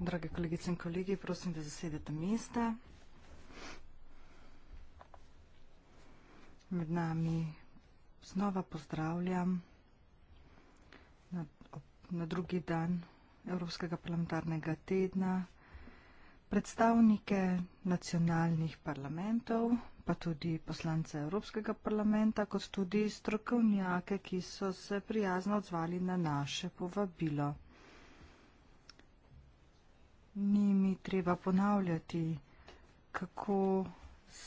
Drage kolegice in kolegi, prosim, da zasedete mesta. Med nami znova pozdravljam na, na drugi dan Evropskega parlamentarnega tedna predstavnike nacionalnih parlamentov, pa tudi poslance Evropskega parlamenta, kot tudi strokovnjake, ki so se prijazno odzvali na naše povabilo. Ni mi treba ponavljati, kako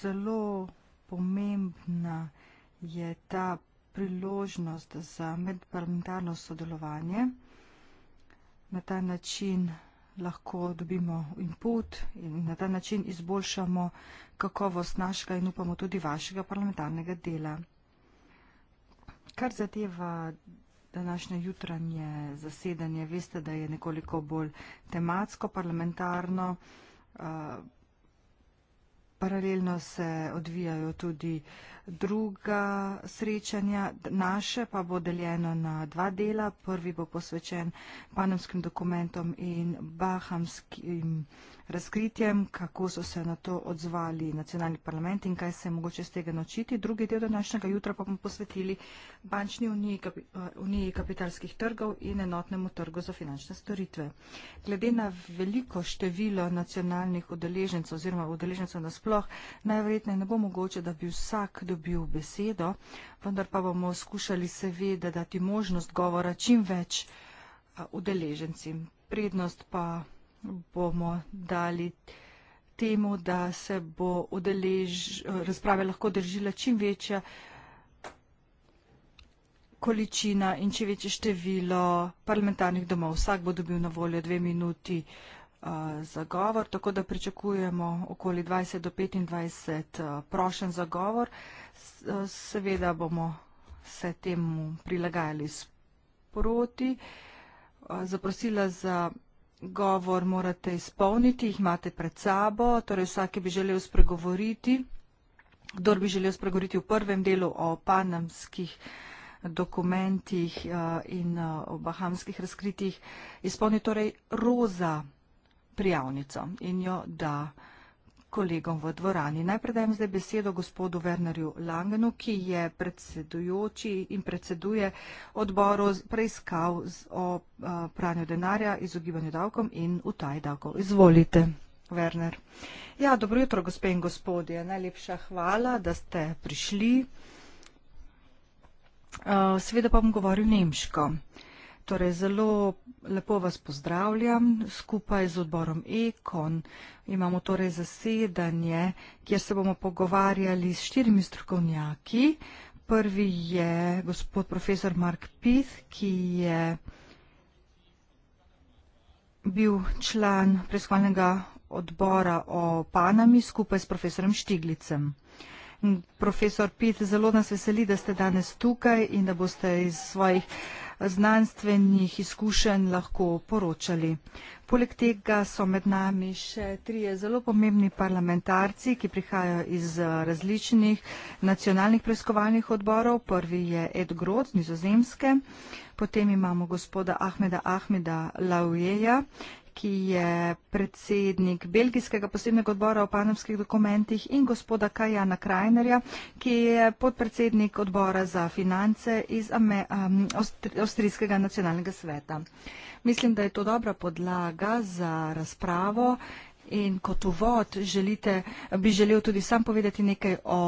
zelo pomembna je ta priložnost za medparlamentarno sodelovanje. Na ta način lahko dobimo input in na ta način izboljšamo kakovost našega in upamo tudi vašega parlamentarnega dela. Kar zadeva današnje jutranje zasedanje, veste, da je nekoliko bolj tematsko parlamentarno. Uh, Paralelno se odvijajo tudi druga srečanja, naše pa bo deljeno na dva dela. Prvi bo posvečen panamskim dokumentom in bahamskim dokumentom razkritjem, kako so se na to odzvali nacionalni parlament in kaj se je mogoče z tega naučiti. Drugi del današnjega jutra pa bomo posvetili bančni uniji, kapi, eh, uniji kapitalskih trgov in enotnemu trgu za finančne storitve. Glede na veliko število nacionalnih udeležencev oziroma udeležencev nasploh, najverjetneje ne bo mogoče, da bi vsak dobil besedo, vendar pa bomo skušali seveda dati možnost govora čim več eh, udeležencem. Prednost pa bomo dali temu, da se bo odelež, razprave lahko držila čim večja količina in čim večje število parlamentarnih domov. Vsak bo dobil na voljo dve minuti za govor, tako da pričakujemo okoli 20 do 25 prošen za govor. Seveda bomo se temu prilagajali sproti. Zaprosila za govor morate izpolniti, jih imate pred sabo, torej vsak, ki bi želel spregovoriti, kdor bi želel spregovoriti v prvem delu o panamskih dokumentih eh, in eh, o bahamskih razkritjih, izpolni torej roza prijavnico in jo da kolegom v dvorani. Najprej dajem zdaj besedo gospodu Wernerju Langenu, ki je predsedujoči in predseduje odboru preiskav o pranju denarja, izogibanju davkom in utaj davkov. Izvolite, Werner. Ja, dobro jutro, gospe in gospodje. Najlepša hvala, da ste prišli. Uh, Sveda pa bom govoril nemško. Torej, zelo lepo vas pozdravljam skupaj z odborom Ekon. Imamo torej zasedanje, kjer se bomo pogovarjali s štirimi strokovnjaki. Prvi je gospod profesor Mark Pith, ki je bil član preiskovalnega odbora o Panami skupaj s profesorem Štiglicem. Profesor Pith, zelo nas veseli, da ste danes tukaj in da boste iz svojih znanstvenih izkušenj lahko poročali. Poleg tega so med nami še trije zelo pomembni parlamentarci, ki prihajajo iz eh, različnih nacionalnih preiskovalnih odborov. Prvi je Ed Grod z Nizozemske, potem imamo gospoda Ahmeda Ahmeda Laujeja, ki je predsednik Belgijskega posebnega odbora o panamskih dokumentih in gospoda Kajana Krajnerja, ki je podpredsednik odbora za finance iz um, Avstrijskega nacionalnega sveta. Mislim, da je to dobra podlaga za razpravo in kot uvod želite, bi želel tudi sam povedati nekaj o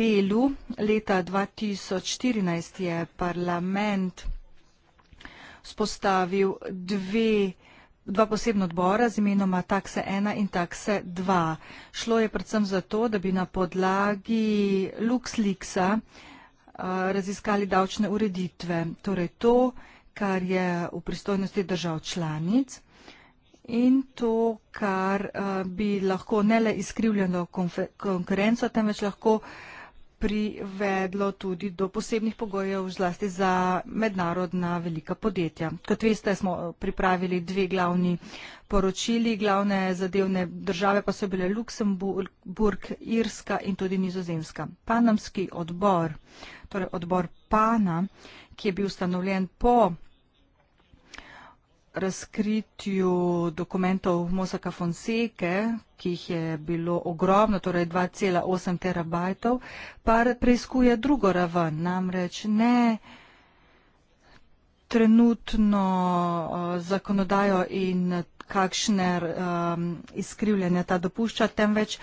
delu. Leta 2014 je parlament spostavil dve dva posebna odbora z imenoma takse 1 in takse 2. Šlo je predvsem za to, da bi na podlagi LuxLeaksa eh, raziskali davčne ureditve, torej to, kar je v pristojnosti držav članic in to, kar eh, bi lahko ne le izkrivljeno konkurenco, temveč lahko privedlo tudi do posebnih pogojev zlasti za mednarodna velika podjetja. Kot veste, smo pripravili dve glavni poročili, glavne zadevne države pa so bile Luksemburg, Irska in tudi Nizozemska. Panamski odbor, torej odbor Pana, ki je bil ustanovljen po razkritju dokumentov Mosaka Fonseke, ki jih je bilo ogromno, torej 2,8 terabajtov, pa preizkuje drugo raven, namreč ne trenutno uh, zakonodajo in kakšne um, izkrivljanja ta dopušča, temveč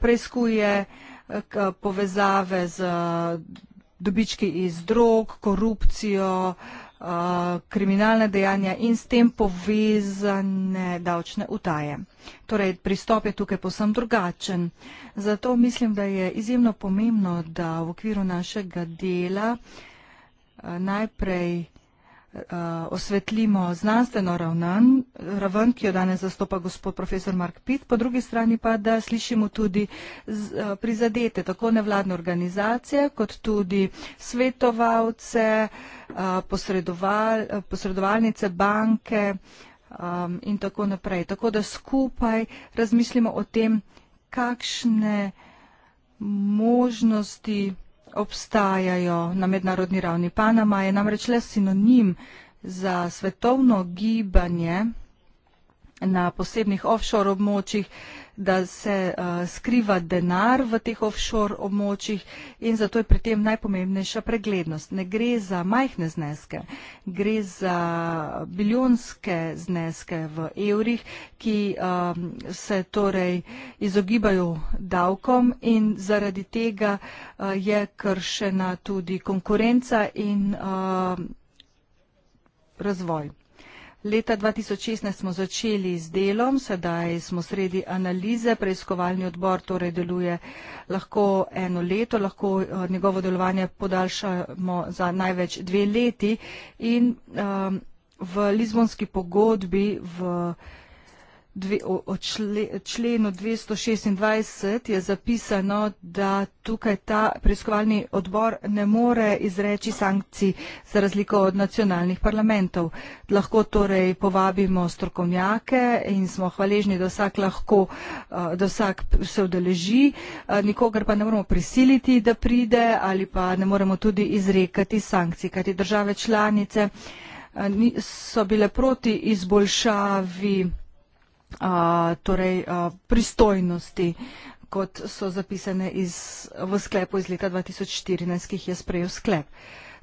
preizkuje uh, povezave z uh, dobički iz drog, korupcijo, uh, Uh, kriminalna dejanja in s tem povezane davčne utaje. Torej, pristop je tukaj posem drugačen. Zato mislim, da je izjemno pomembno, da v okviru našega dela uh, najprej Eh, osvetlimo znanstveno ravnan, raven, ki jo danes zastopa gospod profesor Mark Pitt, po drugi strani pa, da slišimo tudi eh, prizadete, tako nevladne organizacije, kot tudi svetovalce, eh, posredoval, posredovalnice, banke um, in tako naprej. Tako da skupaj razmislimo o tem, kakšne možnosti obstajajo na mednarodni ravni. Panama je namreč le sinonim za svetovno gibanje na posebnih offshore območjih, da se uh, skriva denar v teh offshore območjih in zato je pri tem najpomembnejša preglednost. Ne gre za majhne zneske, gre za biljonske zneske v evrih, ki um, se torej izogibajo davkom in zaradi tega uh, je kršena tudi konkurenca in uh, razvoj. Leta 2016 smo začeli z delom, sedaj smo sredi analize, preiskovalni odbor torej deluje lahko eno leto, lahko eh, njegovo delovanje podaljšamo za največ dve leti in um, v Lizbonski pogodbi v dve, o, o čle, členu 226 je zapisano, da tukaj ta preiskovalni odbor ne more izreči sankcij za razliko od nacionalnih parlamentov. Lahko torej povabimo strokovnjake in smo hvaležni, da vsak, lahko, eh, da vsak se odeleži, eh, nikogar pa ne moremo prisiliti, da pride ali pa ne moremo tudi izrekati sankcij, kajti države članice eh, so bile proti izboljšavi torej pristojnosti, kot so zapisane iz, v sklepu iz leta 2014, ki jih je sprejel sklep.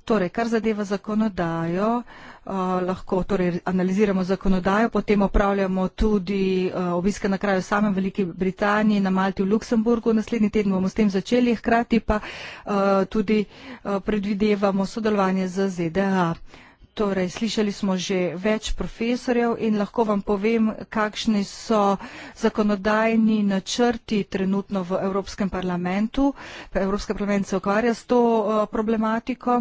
Torej, kar zadeva zakonodajo, uh, lahko torej, analiziramo zakonodajo, potem opravljamo tudi uh, obiske na kraju samem Veliki Britaniji, na Malti, v Luksemburgu. Naslednji teden bomo s tem začeli, hkrati pa uh, tudi uh, predvidevamo sodelovanje z ZDA. Uh, Torej, slišali smo že več profesorjev in lahko vam povem, kakšni so zakonodajni načrti trenutno v Evropskem parlamentu. Evropski parlament se ukvarja s to eh, problematiko.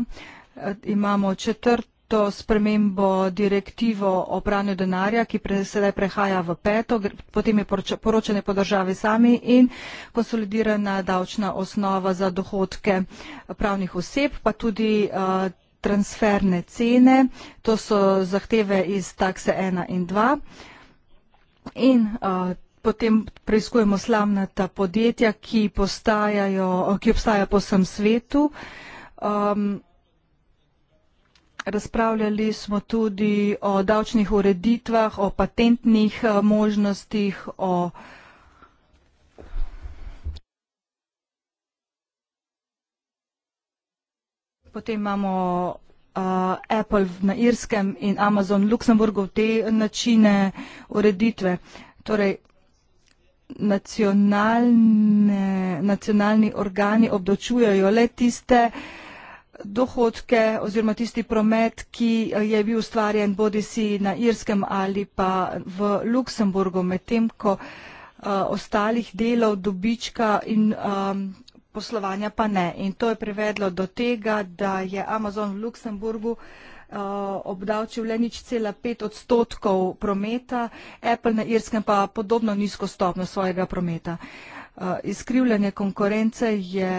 Eh, imamo četrto spremembo direktivo o pranju denarja, ki pre, sedaj prehaja v peto, potem je poroča, poročanje po državi sami in konsolidirana davčna osnova za dohodke pravnih oseb, pa tudi. Uh, transferne cene, to so zahteve iz takse 1 in 2. In uh, potem preizkujemo slavnata podjetja, ki, postajajo, ki obstajajo po vsem svetu. Um, razpravljali smo tudi o davčnih ureditvah, o patentnih uh, možnostih, o uh, potem imamo uh, Apple na Irskem in Amazon v Luksemburgu te načine ureditve. Torej, nacionalni organi obdočujejo le tiste dohodke oziroma tisti promet, ki je bil ustvarjen bodi si na Irskem ali pa v Luksemburgu, medtem ko uh, ostalih delov dobička in um, poslovanja pa ne. In to je privedlo do tega, da je Amazon v Luksemburgu eh, obdavčil le nič cela pet odstotkov prometa, Apple na Irskem pa podobno nizko stopno svojega prometa. Eh, izkrivljanje konkurence je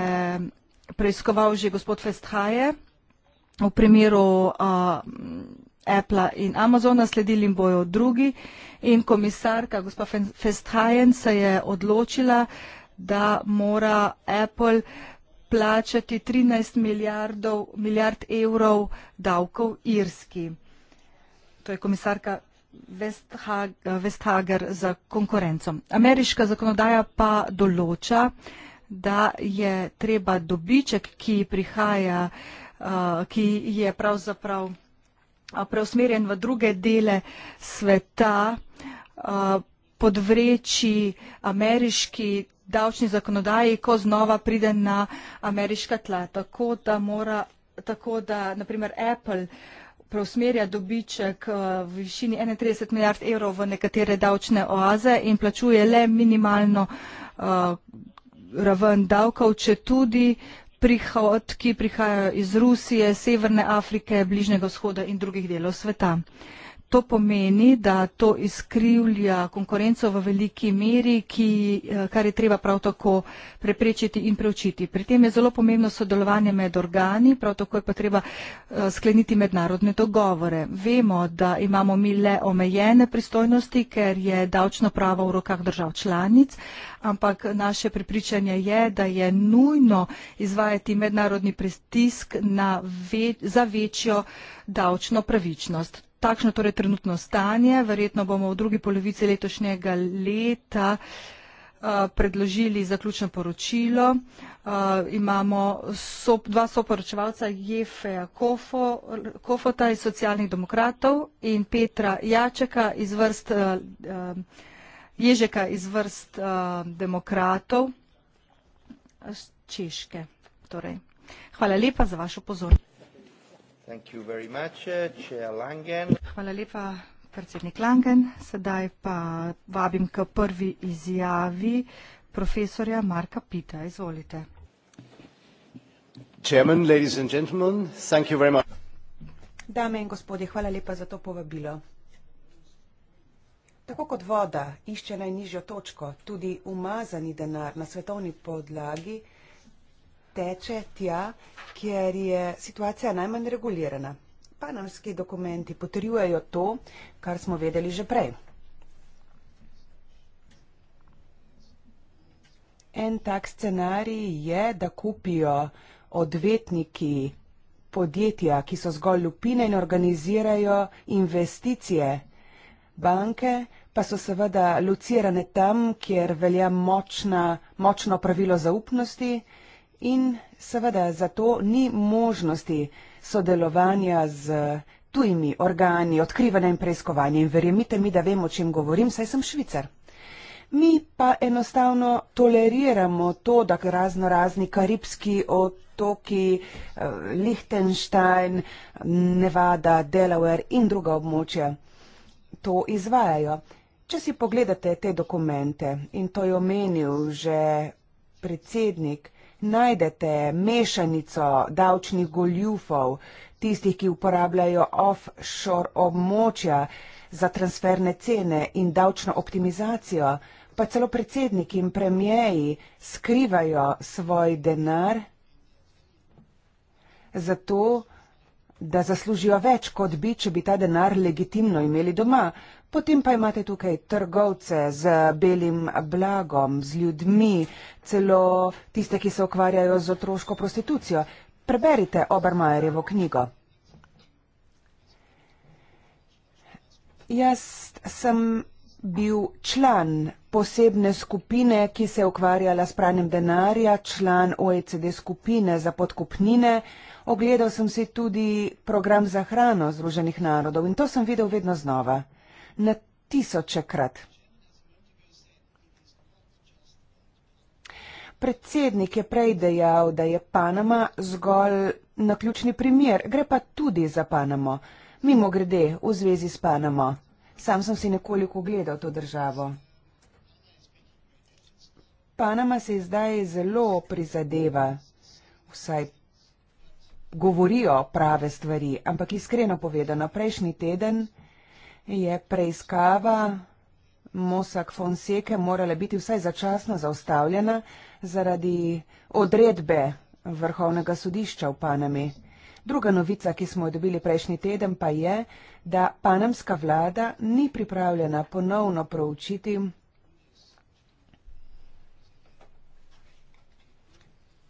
preiskoval že gospod Festhaje v primeru eh, Apple in Amazona, sledili jim bojo drugi in komisarka gospa Festhajen se je odločila, da mora Apple plačati 13 milijardov, milijard evrov davkov irski. To je komisarka Vesthager za konkurencom. Ameriška zakonodaja pa določa, da je treba dobiček, ki prihaja, ki je pravzaprav preusmerjen v druge dele sveta, podvreči ameriški davčni zakonodaji, ko znova pride na ameriška tla. Tako da mora, tako da naprimer Apple preusmerja dobiček eh, v višini 31 milijard evrov v nekatere davčne oaze in plačuje le minimalno uh, raven davkov, če tudi prihodki prihajajo iz Rusije, Severne Afrike, Bližnjega vzhoda in drugih delov sveta. To pomeni, da to izkrivlja konkurenco v veliki meri, ki, eh, kar je treba prav tako preprečiti in preučiti. Pri tem je zelo pomembno sodelovanje med organi, prav tako je pa treba eh, skleniti mednarodne dogovore. Vemo, da imamo mi le omejene pristojnosti, ker je davčno pravo v rokah držav članic, ampak naše prepričanje je, da je nujno izvajati mednarodni pristisk ve za večjo davčno pravičnost. Takšno torej trenutno stanje. Verjetno bomo v drugi polovici letošnjega leta eh, predložili zaključno poročilo. Eh, imamo dva soporočevalca, Jefeja Kofo, Kofota iz socialnih demokratov in Petra Jačeka iz vrst, eh, Ježeka iz vrst demokratov Češke. Torej. Hvala lepa za vašo pozornost. Uh, hvala lepa, predsednik Langen. Sedaj pa vabim k prvi izjavi profesorja Marka Pita. Izvolite. Chairman, Dame in gospodje, hvala lepa za to povabilo. Tako kot voda išče najnižjo točko, tudi umazani denar na svetovni podlagi teče tja, kjer je situacija najmanj regulirana. Panamski dokumenti potrjujejo to, kar smo vedeli že prej. En tak scenarij je, da kupijo odvetniki podjetja, ki so zgolj lupine in organizirajo investicije. Banke pa so seveda locirane tam, kjer velja močna, močno pravilo zaupnosti in seveda zato ni možnosti sodelovanja z tujimi organi, odkrivanja in preiskovanja. In verjemite mi, da vem, o čem govorim, saj sem švicar. Mi pa enostavno toleriramo to, da razno razni karibski otoki, eh, Liechtenstein, Nevada, Delaware in druga območja to izvajajo. Če si pogledate te dokumente in to je omenil že predsednik najdete mešanico davčnih goljufov, tistih, ki uporabljajo offshore območja za transferne cene in davčno optimizacijo, pa celo predsedniki in premijeji skrivajo svoj denar. Zato da zaslužijo več, kot bi, če bi ta denar legitimno imeli doma. Potem pa imate tukaj trgovce z belim blagom, z ljudmi, celo tiste, ki se ukvarjajo z otroško prostitucijo. Preberite Obermajerjevo knjigo. Jaz sem bil član posebne skupine, ki se je ukvarjala s pranjem denarja, član OECD skupine za podkupnine. Ogledal sem si tudi program za hrano Združenih narodov in to sem videl vedno znova. Na tisoče krat. Predsednik je prej dejal, da je Panama zgolj naključni primer, gre pa tudi za Panamo. Mimo grede, v zvezi s Panamo. Sam sem si nekoliko ogledal to državo. Panama se zdaj zelo prizadeva, vsaj govorijo prave stvari, ampak iskreno povedano, prejšnji teden je preiskava Mosak Fonseke morala biti vsaj začasno zaustavljena zaradi odredbe Vrhovnega sodišča v Panami. Druga novica, ki smo jo dobili prejšnji teden, pa je, da panamska vlada ni pripravljena ponovno proučiti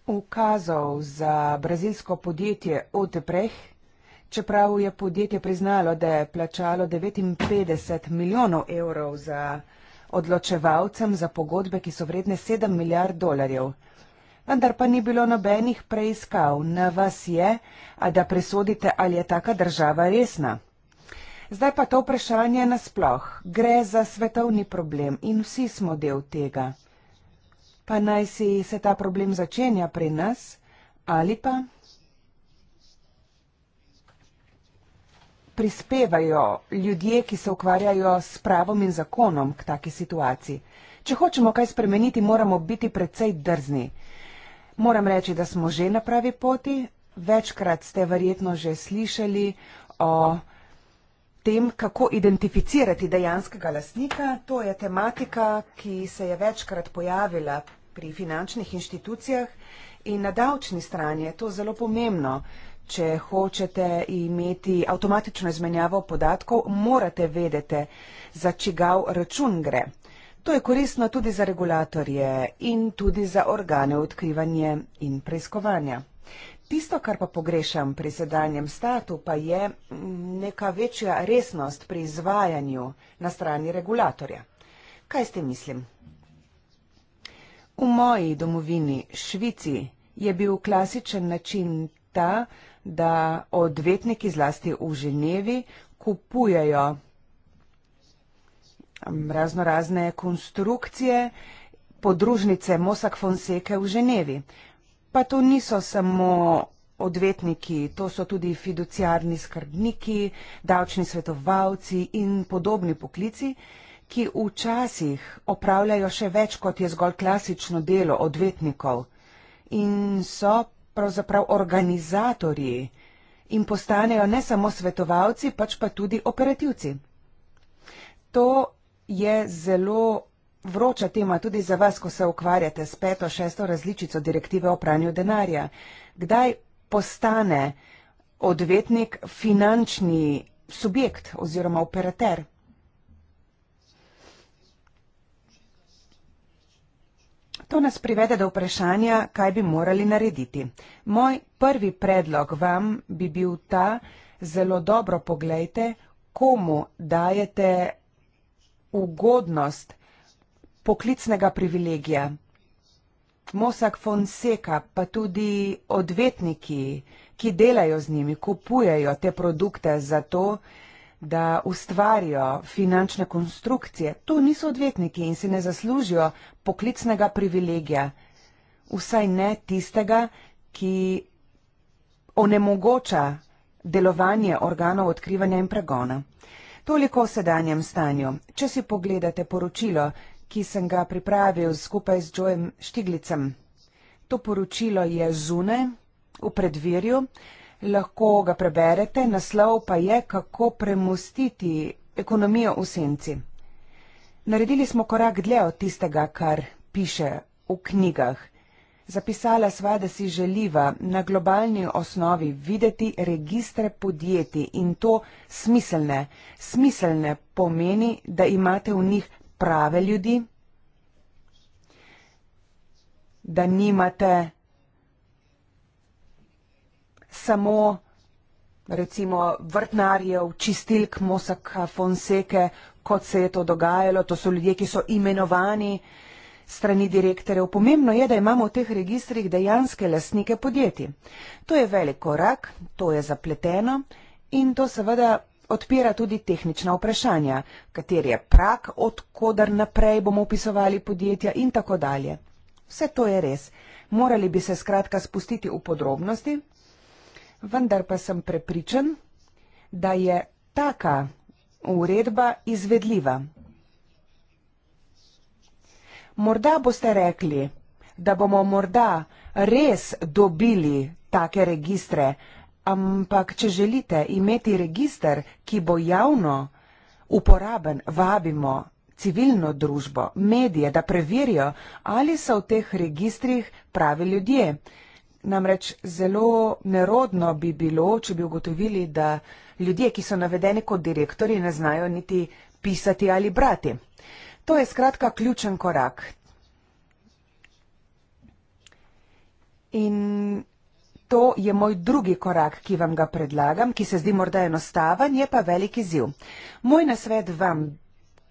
ukazal za brazilsko podjetje Otepreh, čeprav je podjetje priznalo, da je plačalo 59 milijonov evrov za odločevalcem za pogodbe, ki so vredne 7 milijard dolarjev. Vendar pa ni bilo nobenih preiskav. Na vas je, a da presodite, ali je taka država resna. Zdaj pa to vprašanje nasploh. Gre za svetovni problem in vsi smo del tega pa naj si se ta problem začenja pri nas ali pa prispevajo ljudje, ki se ukvarjajo s pravom in zakonom k taki situaciji. Če hočemo kaj spremeniti, moramo biti precej drzni. Moram reči, da smo že na pravi poti. Večkrat ste verjetno že slišali o tem, kako identificirati dejanskega lasnika. To je tematika, ki se je večkrat pojavila pri finančnih inštitucijah in na davčni strani je to zelo pomembno. Če hočete imeti avtomatično izmenjavo podatkov, morate vedeti, za čigav račun gre. To je koristno tudi za regulatorje in tudi za organe odkrivanja in preiskovanja. Tisto, kar pa pogrešam pri sedanjem statu, pa je neka večja resnost pri izvajanju na strani regulatorja. Kaj ste mislim? V moji domovini, Švici, je bil klasičen način ta, da odvetniki zlasti v Ženevi kupujajo mm, razno razne konstrukcije, podružnice Mosak Fonseke v Ženevi. Pa to niso samo odvetniki, to so tudi fiduciarni skrbniki, davčni svetovalci in podobni poklici, ki včasih opravljajo še več kot je zgolj klasično delo odvetnikov in so pravzaprav organizatorji in postanejo ne samo svetovalci, pač pa tudi operativci. To je zelo vroča tema tudi za vas, ko se ukvarjate s peto, šesto različico direktive o pranju denarja. Kdaj postane odvetnik finančni subjekt oziroma operater? To nas privede do vprašanja, kaj bi morali narediti. Moj prvi predlog vam bi bil ta, zelo dobro pogledajte, komu dajete ugodnost poklicnega privilegija. Mosak Fonseca, pa tudi odvetniki, ki delajo z njimi, kupujejo te produkte za to, da da ustvarijo finančne konstrukcije, tu niso odvetniki in si ne zaslužijo poklicnega privilegija, vsaj ne tistega, ki onemogoča delovanje organov odkrivanja in pregona. Toliko o sedanjem stanju. Če si pogledate poročilo, ki sem ga pripravil skupaj z Joeem Štiglicem, to poročilo je zune v predvirju, lahko ga preberete, naslov pa je, kako premustiti ekonomijo v senci. Naredili smo korak dlje od tistega, kar piše v knjigah. Zapisala sva, da si želiva na globalni osnovi videti registre podjetij in to smiselne. Smiselne pomeni, da imate v njih prave ljudi, da nimate samo recimo vrtnarjev, čistilk Mosak Fonseke, kot se je to dogajalo. To so ljudje, ki so imenovani strani direktorjev. Pomembno je, da imamo v teh registrih dejanske lasnike podjetij. To je velik korak, to je zapleteno in to seveda odpira tudi tehnična vprašanja, kater je prak, odkudar naprej bomo upisovali podjetja in tako dalje. Vse to je res. Morali bi se skratka spustiti v podrobnosti, vendar pa sem prepričan, da je taka uredba izvedljiva. Morda boste rekli, da bomo morda res dobili take registre, ampak če želite imeti registr, ki bo javno uporaben, vabimo civilno družbo, medije, da preverijo, ali so v teh registrih pravi ljudje. Namreč zelo nerodno bi bilo, če bi ugotovili, da ljudje, ki so navedeni kot direktori, ne znajo niti pisati ali brati. To je skratka ključen korak. In to je moj drugi korak, ki vam ga predlagam, ki se zdi morda enostaven, je pa veliki ziv. Moj nasvet vam,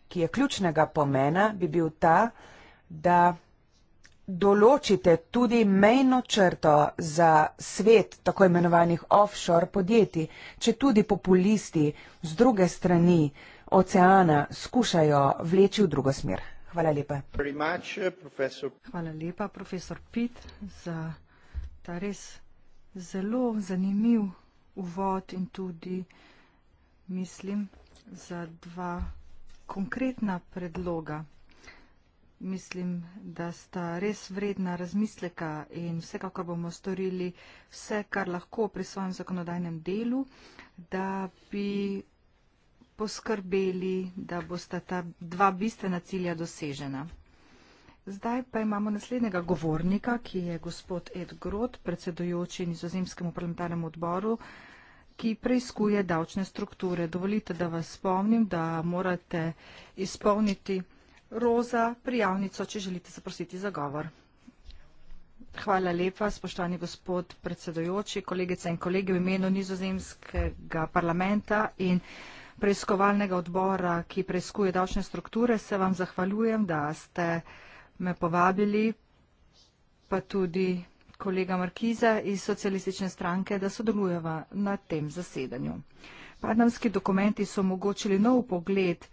ki je ključnega pomena, bi bil ta, da določite tudi mejno črto za svet tako imenovanih offshore podjetij, če tudi populisti z druge strani oceana skušajo vleči v drugo smer. Hvala lepa. Much, eh, Hvala lepa, profesor Pitt, za ta res zelo zanimiv uvod in tudi, mislim, za dva konkretna predloga mislim, da sta res vredna razmisleka in vsekakor bomo storili vse, kar lahko pri svojem zakonodajnem delu, da bi poskrbeli, da bosta ta dva bistvena cilja dosežena. Zdaj pa imamo naslednjega govornika, ki je gospod Ed Grot, predsedujoči nizozemskemu parlamentarnemu odboru, ki preizkuje davčne strukture. Dovolite, da vas spomnim, da morate izpolniti Roza prijavnico, če želite zaprositi za govor. Hvala lepa, spoštovani gospod predsedojoči, kolegice in kolege v imenu nizozemskega parlamenta in preiskovalnega odbora, ki preiskuje davčne strukture, se vam zahvaljujem, da ste me povabili, pa tudi kolega Markiza iz socialistične stranke, da sodelujeva na tem zasedanju. Panamski dokumenti so omogočili nov pogled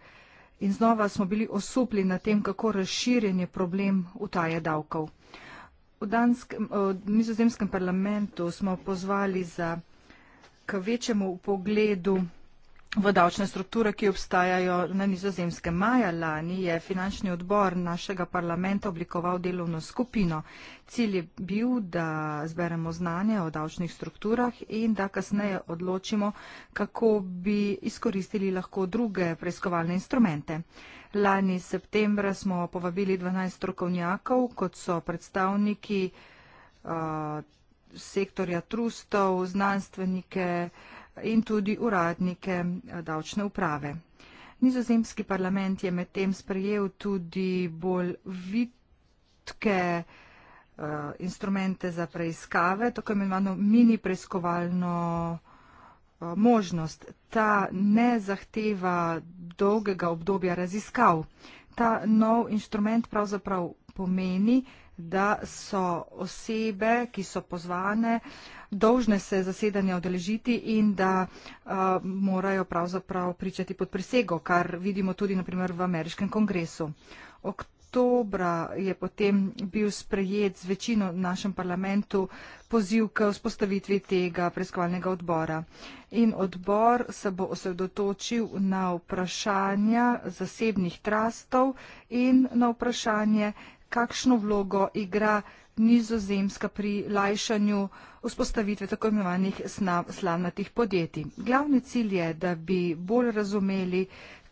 in znova smo bili osupli na tem, kako razširjenje problem utaje davkov. V, danskem, eh, v nizozemskem parlamentu smo pozvali za k večjemu pogledu V davčne strukture, ki obstajajo na nizozemske maja lani, je finančni odbor našega parlamenta oblikoval delovno skupino. Cilj je bil, da zberemo znanje o davčnih strukturah in da kasneje odločimo, kako bi izkoristili lahko druge preiskovalne instrumente. Lani septembra smo povabili 12 strokovnjakov, kot so predstavniki uh, sektorja trustov, znanstvenike, uh, in tudi uradnike eh, davčne uprave. Nizozemski parlament je medtem sprejel tudi bolj vitke uh, instrumente za preiskave, tako imenovano mini preiskovalno uh, možnost. Ta ne zahteva dolgega obdobja raziskav. Ta nov instrument pravzaprav pomeni, da so osebe, ki so pozvane, dolžne se zasedanja odeležiti in da a, uh, morajo pravzaprav pričati pod prisego, kar vidimo tudi naprimer v ameriškem kongresu. Oktobra je potem bil sprejet z večino v našem parlamentu poziv k vzpostavitvi tega preiskovalnega odbora. In odbor se bo osredotočil na vprašanja zasebnih trastov in na vprašanje, kakšno vlogo igra nizozemska pri lajšanju vzpostavitve tako imenovanih slavnatih podjetij. Glavni cilj je, da bi bolj razumeli,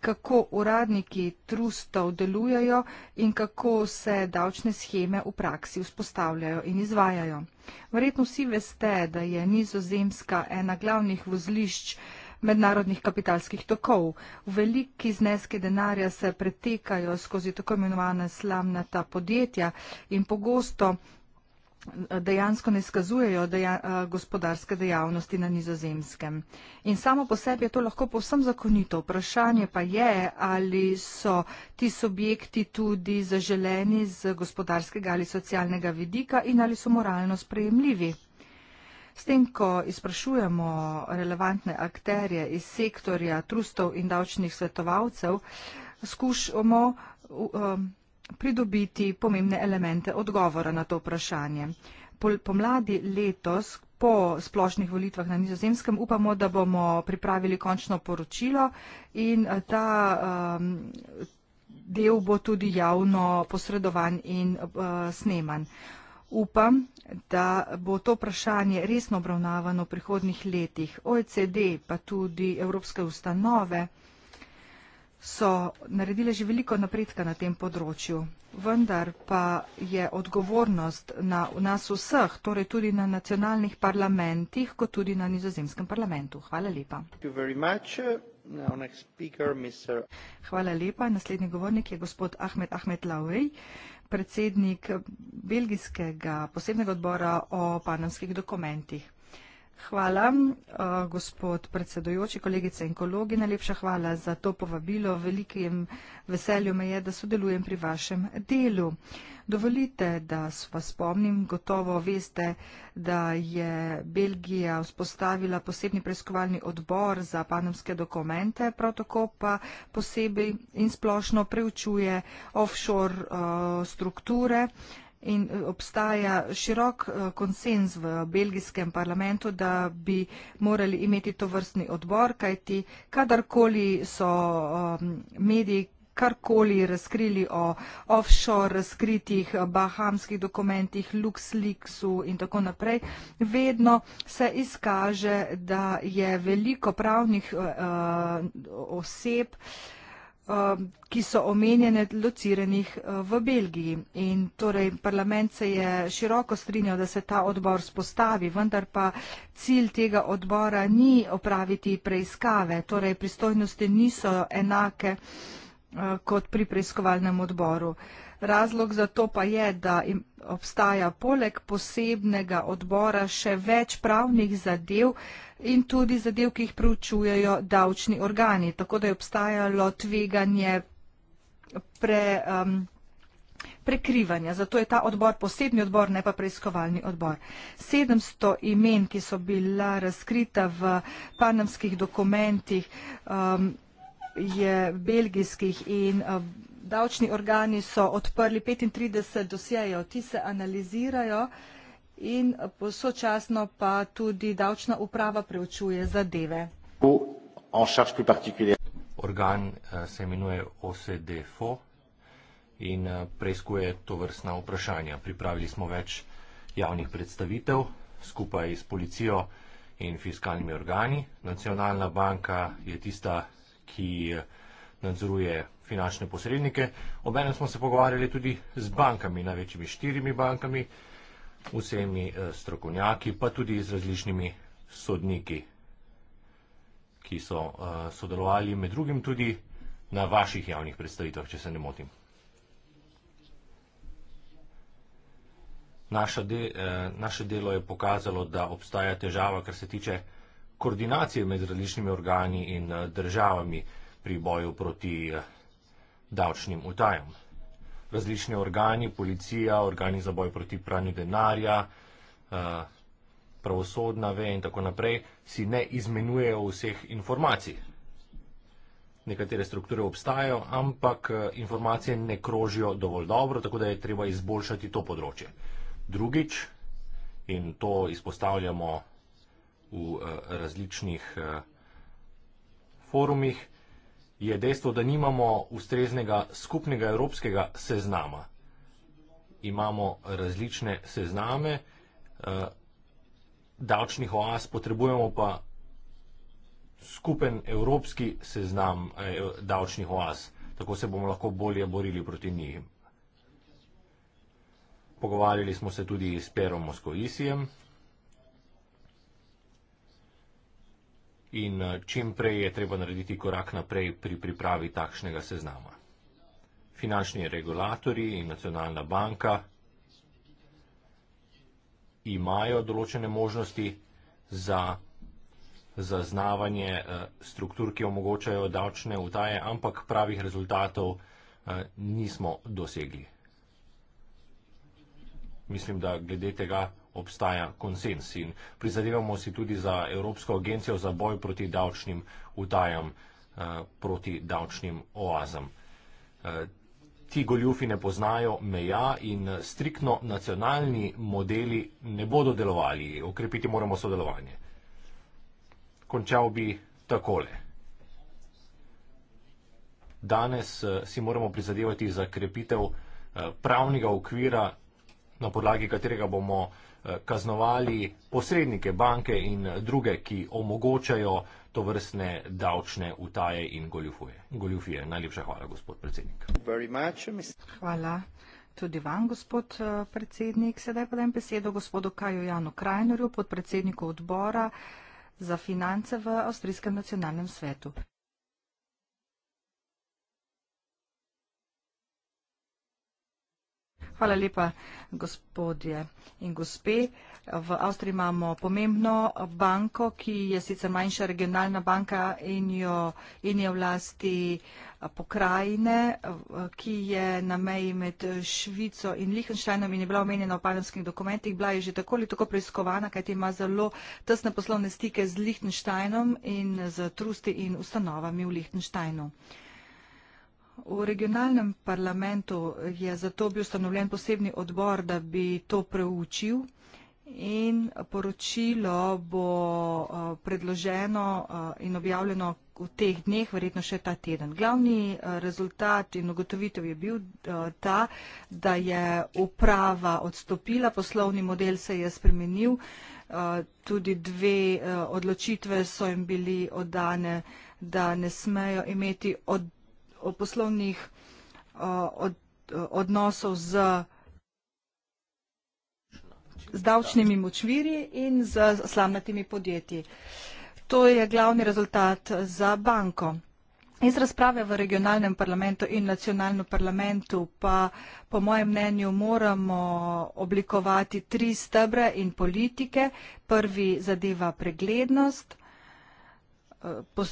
kako uradniki trustov delujejo in kako se davčne scheme v praksi vzpostavljajo in izvajajo. Verjetno vsi veste, da je nizozemska ena glavnih vozlišč, mednarodnih kapitalskih tokov. Veliki zneski denarja se pretekajo skozi tako imenovane slamnata podjetja in pogosto eh, dejansko ne skazujejo deja, eh, gospodarske dejavnosti na nizozemskem. In samo po sebi je to lahko povsem zakonito. Vprašanje pa je, ali so ti subjekti tudi zaželeni z gospodarskega ali socialnega vidika in ali so moralno sprejemljivi. S tem, ko izprašujemo relevantne akterje iz sektorja trustov in davčnih svetovalcev, skušamo um, pridobiti pomembne elemente odgovora na to vprašanje. Pomladi letos, po splošnih volitvah na nizozemskem, upamo, da bomo pripravili končno poročilo in eh, ta um, del bo tudi javno posredovan in uh, sneman. Upam, da bo to vprašanje resno obravnavano v prihodnih letih. OECD pa tudi evropske ustanove so naredile že veliko napredka na tem področju. Vendar pa je odgovornost na nas vseh, torej tudi na nacionalnih parlamentih, kot tudi na nizozemskem parlamentu. Hvala lepa. Speaker, Hvala lepa. Naslednji govornik je gospod Ahmed Ahmed Lauej predsednik belgijskega posebnega odbora o panamskih dokumentih. Hvala, uh, gospod predsedujoči, kolegice in kolegi, najlepša hvala za to povabilo. Velikim veselju me je, da sodelujem pri vašem delu. Dovolite, da vas spomnim, gotovo veste, da je Belgija vzpostavila posebni preiskovalni odbor za panamske dokumente, prav tako pa posebej in splošno preučuje offshore uh, strukture uh, in eh, obstaja širok eh, konsens v belgijskem parlamentu, da bi morali imeti to vrstni odbor, kajti kadarkoli so ehm, mediji karkoli razkrili o offshore razkritih eh, bahamskih dokumentih, LuxLeaksu in tako naprej, vedno se izkaže, da je veliko pravnih uh, oseb uh, Um, ki so omenjene lociranih uh, v Belgiji. In torej parlament se je široko strinjal, da se ta odbor spostavi, vendar pa cilj tega odbora ni opraviti preiskave, torej pristojnosti niso enake uh, kot pri preiskovalnem odboru. Uh, Razlog za to pa je, da obstaja poleg posebnega odbora še več pravnih zadev in tudi zadev, ki jih preučujejo davčni organi. Tako da je obstajalo tveganje pre, um, prekrivanja. Zato je ta odbor posebni odbor, ne pa preiskovalni odbor. 700 imen, ki so bila razkrita v panamskih dokumentih, um, je belgijskih in. Um, davčni organi so odprli 35 dosijajev, ti se analizirajo in sočasno pa tudi davčna uprava preučuje zadeve. Organ eh, se imenuje OCDFO in eh, preizkuje to vrstna vprašanja. Pripravili smo več javnih predstavitev skupaj s policijo in fiskalnimi organi. Nacionalna banka je tista, ki eh, nadzoruje finančne posrednike. Obenem smo se pogovarjali tudi z bankami, največjimi štirimi bankami, vsemi eh, strokovnjaki, pa tudi z različnimi sodniki, ki so eh, sodelovali med drugim tudi na vaših javnih predstavitvah, če se ne motim. Naša de, eh, naše delo je pokazalo, da obstaja težava, kar se tiče koordinacije med različnimi organi in državami pri boju proti eh, davčnim utajam. Različni organi, policija, organi za boj proti pranju denarja, eh, pravosodna ve in tako naprej, si ne izmenjujejo vseh informacij. Nekatere strukture obstajajo, ampak eh, informacije ne krožijo dovolj dobro, tako da je treba izboljšati to področje. Drugič, in to izpostavljamo v različnih forumih, je dejstvo, da nimamo ustreznega skupnega evropskega seznama. Imamo različne sezname, eh, davčnih oaz, potrebujemo pa skupen evropski seznam eh, davčnih oaz, tako se bomo lahko bolje borili proti njim. Pogovarjali smo se tudi s Perom Moskovisijem. in eh, čim prej je treba narediti korak naprej pri pripravi takšnega seznama. Finančni regulatori in nacionalna banka imajo določene možnosti za zaznavanje eh, struktur, ki omogočajo davčne utaje, ampak pravih rezultatov eh, nismo dosegli. Mislim, da glede tega obstaja konsens. In prizadevamo si tudi za Evropsko agencijo za boj proti davčnim utajam, eh, proti davčnim oazam. Eh, ti goljufi ne poznajo meja in eh, strikno nacionalni modeli ne bodo delovali. Okrepiti moramo sodelovanje. Končal bi takole. Danes si moramo prizadevati za krepitev pravnega okvira, na podlagi katerega bomo uh, Eh, kaznovali posrednike banke in druge, ki omogočajo to vrstne davčne utaje in goljufuje. goljufije. Najlepša hvala, gospod predsednik. Hvala tudi vam, gospod eh, predsednik. Sedaj pa dajem besedo gospodu Kaju Janu Krajnerju, podpredsedniku odbora za finance v Avstrijskem nacionalnem svetu. Hvala lepa, gospodje in gospe. V Avstriji imamo pomembno banko, ki je sicer manjša regionalna banka in, jo, in je vlasti eh, pokrajine, eh, ki je na meji med Švico in Lihensteinom in je bila omenjena v panamskih dokumentih. Bila je že tako ali tako preiskovana, kajti ima zelo tesne poslovne stike z Lihensteinom in z trusti in ustanovami v Lihensteinu. Uh, V regionalnem parlamentu je zato bil ustanovljen posebni odbor, da bi to preučil in poročilo bo eh, predloženo eh, in objavljeno v teh dneh, verjetno še ta teden. Glavni eh, rezultat in ugotovitev je bil ta, da je uprava odstopila, poslovni model se je spremenil, tudi dve odločitve so jim bili oddane, da ne smejo imeti odločitev poslovnih od, odnosov z, z davčnimi močvirji in z slamnatimi podjetji. To je glavni rezultat za banko. Iz razprave v regionalnem parlamentu in nacionalnem parlamentu pa po mojem mnenju moramo oblikovati tri stebre in politike. Prvi zadeva preglednost,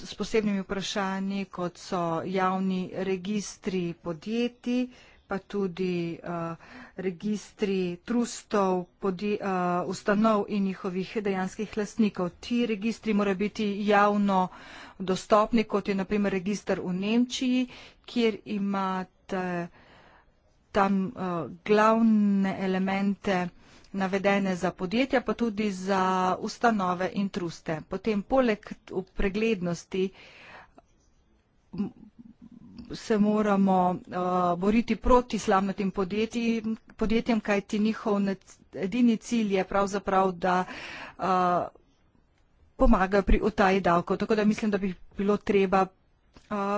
s posebnimi vprašanji, kot so javni registri podjetij, pa tudi eh, registri trustov, eh, ustanov in njihovih dejanskih lasnikov. Ti registri mora biti javno dostopni, kot je naprimer registr v Nemčiji, kjer imate tam eh, glavne elemente registra, navedene za podjetja, pa tudi za ustanove in truste. Potem poleg preglednosti se moramo uh, boriti proti slamnatim podjetjem, kajti njihov edini cilj je pravzaprav, da uh, pomagajo pri utaji davkov. Tako da mislim, da bi bilo treba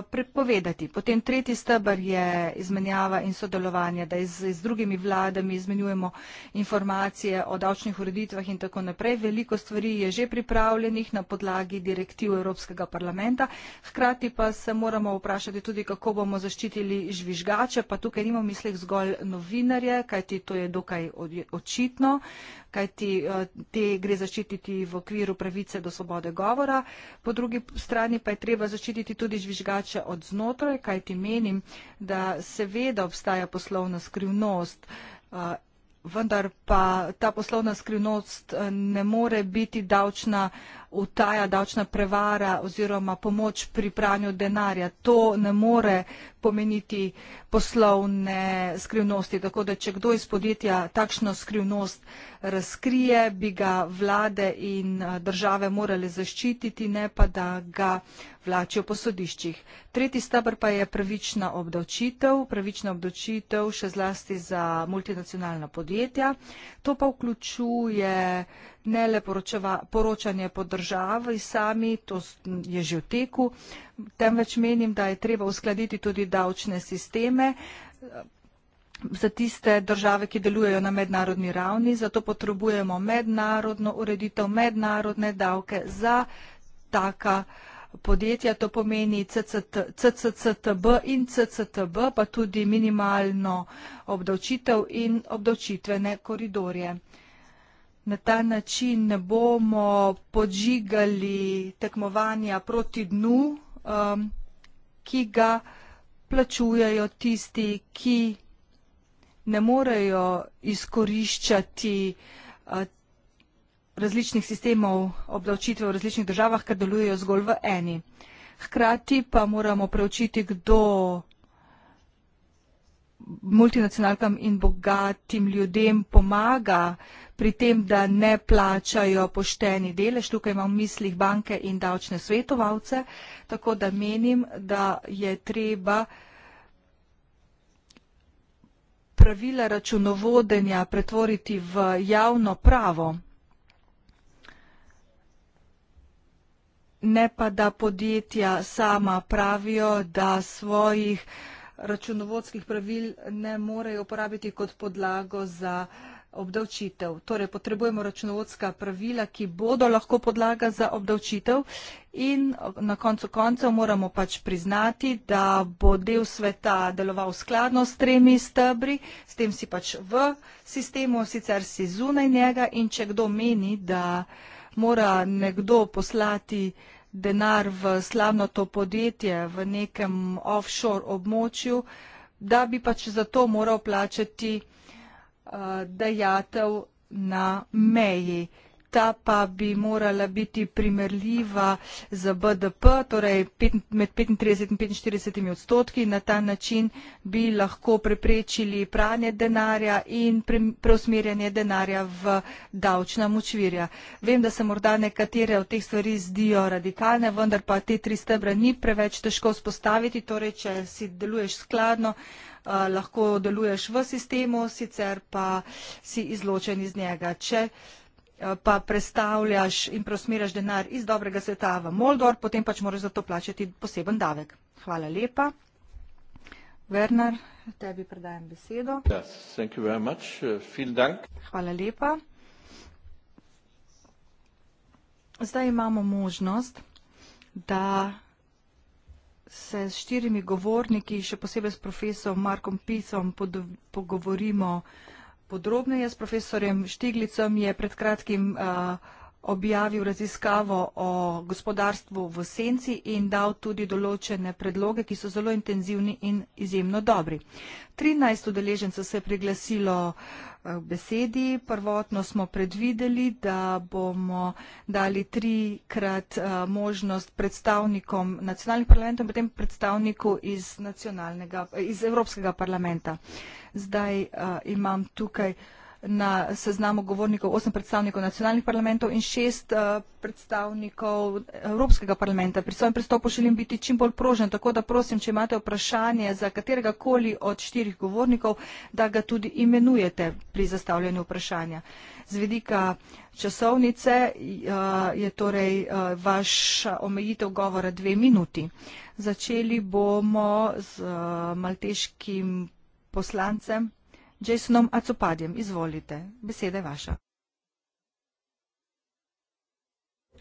prepovedati. Potem tretji stebr je izmenjava in sodelovanje, da z, z drugimi vladami izmenjujemo informacije o davčnih ureditvah in tako naprej. Veliko stvari je že pripravljenih na podlagi direktiv Evropskega parlamenta. Hkrati pa se moramo vprašati tudi, kako bomo zaščitili žvižgače, pa tukaj nimam mislih zgolj novinarje, kajti to je dokaj očitno, kajti te gre zaščititi v okviru pravice do svobode govora. Po drugi strani pa je treba zaščititi tudi žvižgače, žvižgače od znotraj, kaj ti menim, da seveda obstaja poslovna skrivnost. Eh, vendar pa ta poslovna skrivnost eh, ne more biti davčna utaja davčna prevara oziroma pomoč pri pranju denarja. To ne more pomeniti poslovne skrivnosti. Tako da, če kdo iz podjetja takšno skrivnost razkrije, bi ga vlade in države morali zaščititi, ne pa da ga vlačijo po sodiščih. Tretji stabr pa je pravična obdavčitev, pravična obdavčitev še zlasti za multinacionalna podjetja. To pa vključuje ne le poročava, poročanje po državi sami, to je že v teku, temveč menim, da je treba uskladiti tudi davčne sisteme eh, za tiste države, ki delujejo na mednarodni ravni, zato potrebujemo mednarodno ureditev, mednarodne davke za taka podjetja, to pomeni CCCTB in CCTB, pa tudi minimalno obdavčitev in obdavčitvene koridorje na ta način ne bomo podžigali tekmovanja proti dnu, um, ki ga plačujejo tisti, ki ne morejo izkoriščati uh, različnih sistemov obdavčitve v različnih državah, ker delujejo zgolj v eni. Hkrati pa moramo preučiti, kdo multinacionalkam in bogatim ljudem pomaga uh, pri tem, da ne plačajo pošteni delež, tukaj imam v mislih banke in davčne svetovalce, tako da menim, da je treba pravila računovodenja pretvoriti v javno pravo, ne pa da podjetja sama pravijo, da svojih računovodskih pravil ne morejo uporabiti kot podlago za računovodenje obdavčitev. Torej, potrebujemo računovodska pravila, ki bodo lahko podlaga za obdavčitev in na koncu koncev moramo pač priznati, da bo del sveta deloval skladno s tremi stebri, s tem si pač v sistemu, sicer si zunaj njega in če kdo meni, da mora nekdo poslati denar v slavno to podjetje v nekem offshore območju, da bi pač za to moral plačati Eh, dajatev na meji ta pa bi morala biti primerljiva z BDP, torej med 35 in 45 odstotki. Na ta način bi lahko preprečili pranje denarja in preusmerjanje denarja v davčna močvirja. Vem, da se morda nekatere od teh stvari zdijo radikalne, vendar pa te tri stebra ni preveč težko spostaviti, torej če si deluješ skladno, eh, lahko deluješ v sistemu, sicer pa si izločen iz njega. Če Eh, pa prestavljaš in preusmeraš denar iz dobrega sveta v Moldor, potem pač moraš za to plačati poseben davek. Hvala lepa. Werner, tebi predajam besedo. Yes, thank you very much. Eh, Hvala lepa. Zdaj imamo možnost, da se s štirimi govorniki, še posebej s profesorom Markom Picom, pogovorimo. Uh, podrobneje s profesorjem Štiglicom je pred kratkim uh, objavil raziskavo o gospodarstvu v senci in dal tudi določene predloge, ki so zelo intenzivni in izjemno dobri. 13 udeležencev se je priglasilo eh, besedi. Prvotno smo predvideli, da bomo dali trikrat eh, možnost predstavnikom nacionalnih parlamentov in potem predstavniku iz, eh, iz Evropskega parlamenta. Zdaj imam tukaj na seznamu govornikov osem predstavnikov nacionalnih parlamentov in šest uh, predstavnikov Evropskega parlamenta. Pri svojem pristopu želim biti čim bolj prožen, tako da prosim, če imate vprašanje za katerega koli od štirih govornikov, da ga tudi imenujete pri zastavljanju vprašanja. Z vedika časovnice uh, je torej uh, eh, vaša omejitev govora dve minuti. Začeli bomo z uh, malteškim poslancem. Jasonom Acupadjem. Izvolite, beseda je vaša.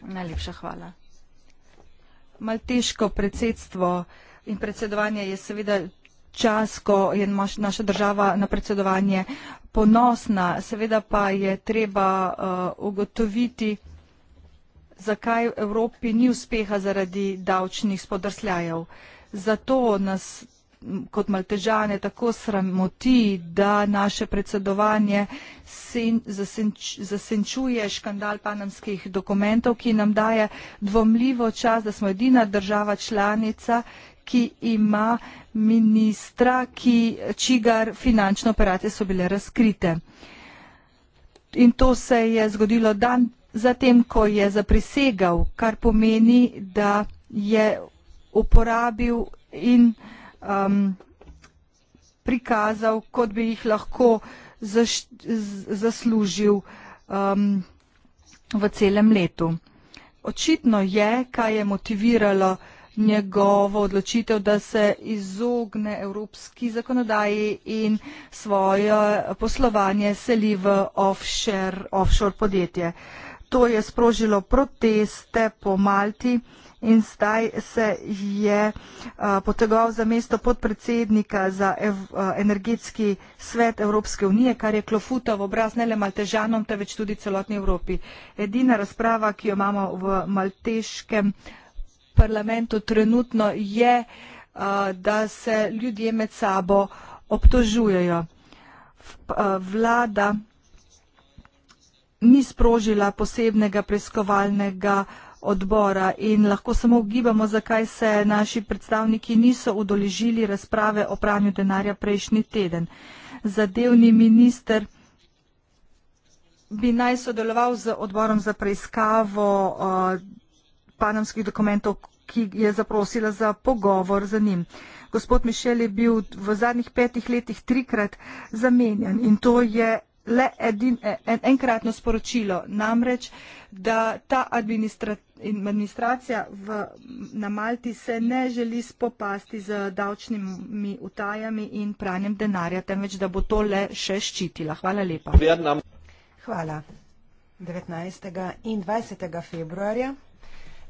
Najlepša hvala. Malteško predsedstvo in predsedovanje je seveda čas, ko je naša država na predsedovanje ponosna. Seveda pa je treba uh, ugotoviti, zakaj v Evropi ni uspeha zaradi davčnih spodrsljajev. Zato nas kot maltežane tako sramoti, da naše predsedovanje sen, zasenč, zasenčuje škandal panamskih dokumentov, ki nam daje dvomljivo čas, da smo edina država članica, ki ima ministra, ki, čigar finančne operacije so bile razkrite. In to se je zgodilo dan zatem, ko je zaprisegal, kar pomeni, da je uporabil in uh, um, prikazal, kot bi jih lahko zaš, z, zaslužil um, v celem letu. Očitno je, kaj je motiviralo njegovo odločitev, da se izogne evropski zakonodaji in svoje poslovanje seli v offshore, offshore podjetje. To je sprožilo proteste po Malti in zdaj se je eh, potegoval za mesto podpredsednika za eh, energetski svet Evropske unije, kar je klofuta v obraz ne le maltežanom, temveč tudi celotni Evropi. Edina razprava, ki jo imamo v malteškem parlamentu trenutno, je, eh, da se ljudje med sabo obtožujejo. Vlada ni sprožila posebnega preiskovalnega odbora in lahko samo ugibamo, zakaj se naši predstavniki niso udoležili razprave o pranju denarja prejšnji teden. Zadevni minister bi naj sodeloval z odborom za preiskavo eh, panamskih dokumentov, ki je zaprosila za pogovor za njim. Gospod Mišel je bil v zadnjih petih letih trikrat zamenjan in to je le edin, e, en, enkratno sporočilo, namreč, da ta administra, administracija v, na Malti se ne želi spopasti z davčnimi utajami in pranjem denarja, temveč, da bo to le še ščitila. Hvala lepa. Hvala. 19. in 20. februarja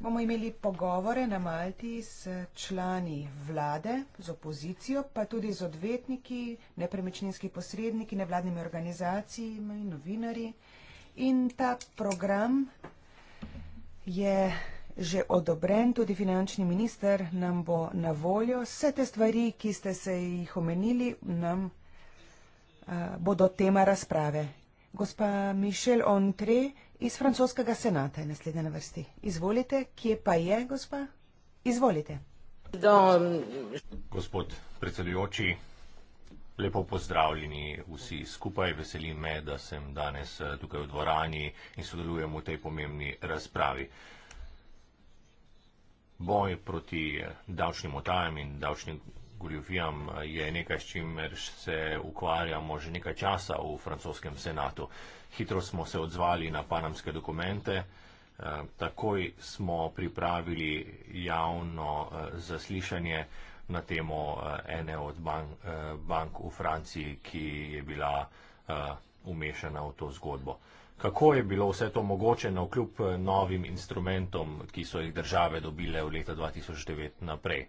bomo imeli pogovore na Malti s člani vlade, z opozicijo, pa tudi z odvetniki, nepremičninski posredniki, nevladnimi organizacijami, novinari. In ta program je že odobren, tudi finančni minister nam bo na voljo. Vse te stvari, ki ste se jih omenili, nam uh, bodo tema razprave. Gospa Mišel Ontre, Iz francoskega senata je naslednja na vrsti. Izvolite, kje pa je, gospa? Izvolite. Don. Gospod predsedujoči, lepo pozdravljeni vsi skupaj. Veseli me, da sem danes eh, tukaj v dvorani in sodelujem v tej pomembni razpravi. Boj proti eh, davčnim otajam in davčnim goljofijam je nekaj, s čimer se ukvarjamo že nekaj časa v francoskem senatu. Hitro smo se odzvali na panamske dokumente, eh, takoj smo pripravili javno eh, zaslišanje na temo eh, ene od bank, bank v Franciji, ki je bila umešana v to zgodbo. Kako je bilo vse to mogoče na no, vkljub novim instrumentom, ki so jih države dobile v leta 2009 naprej?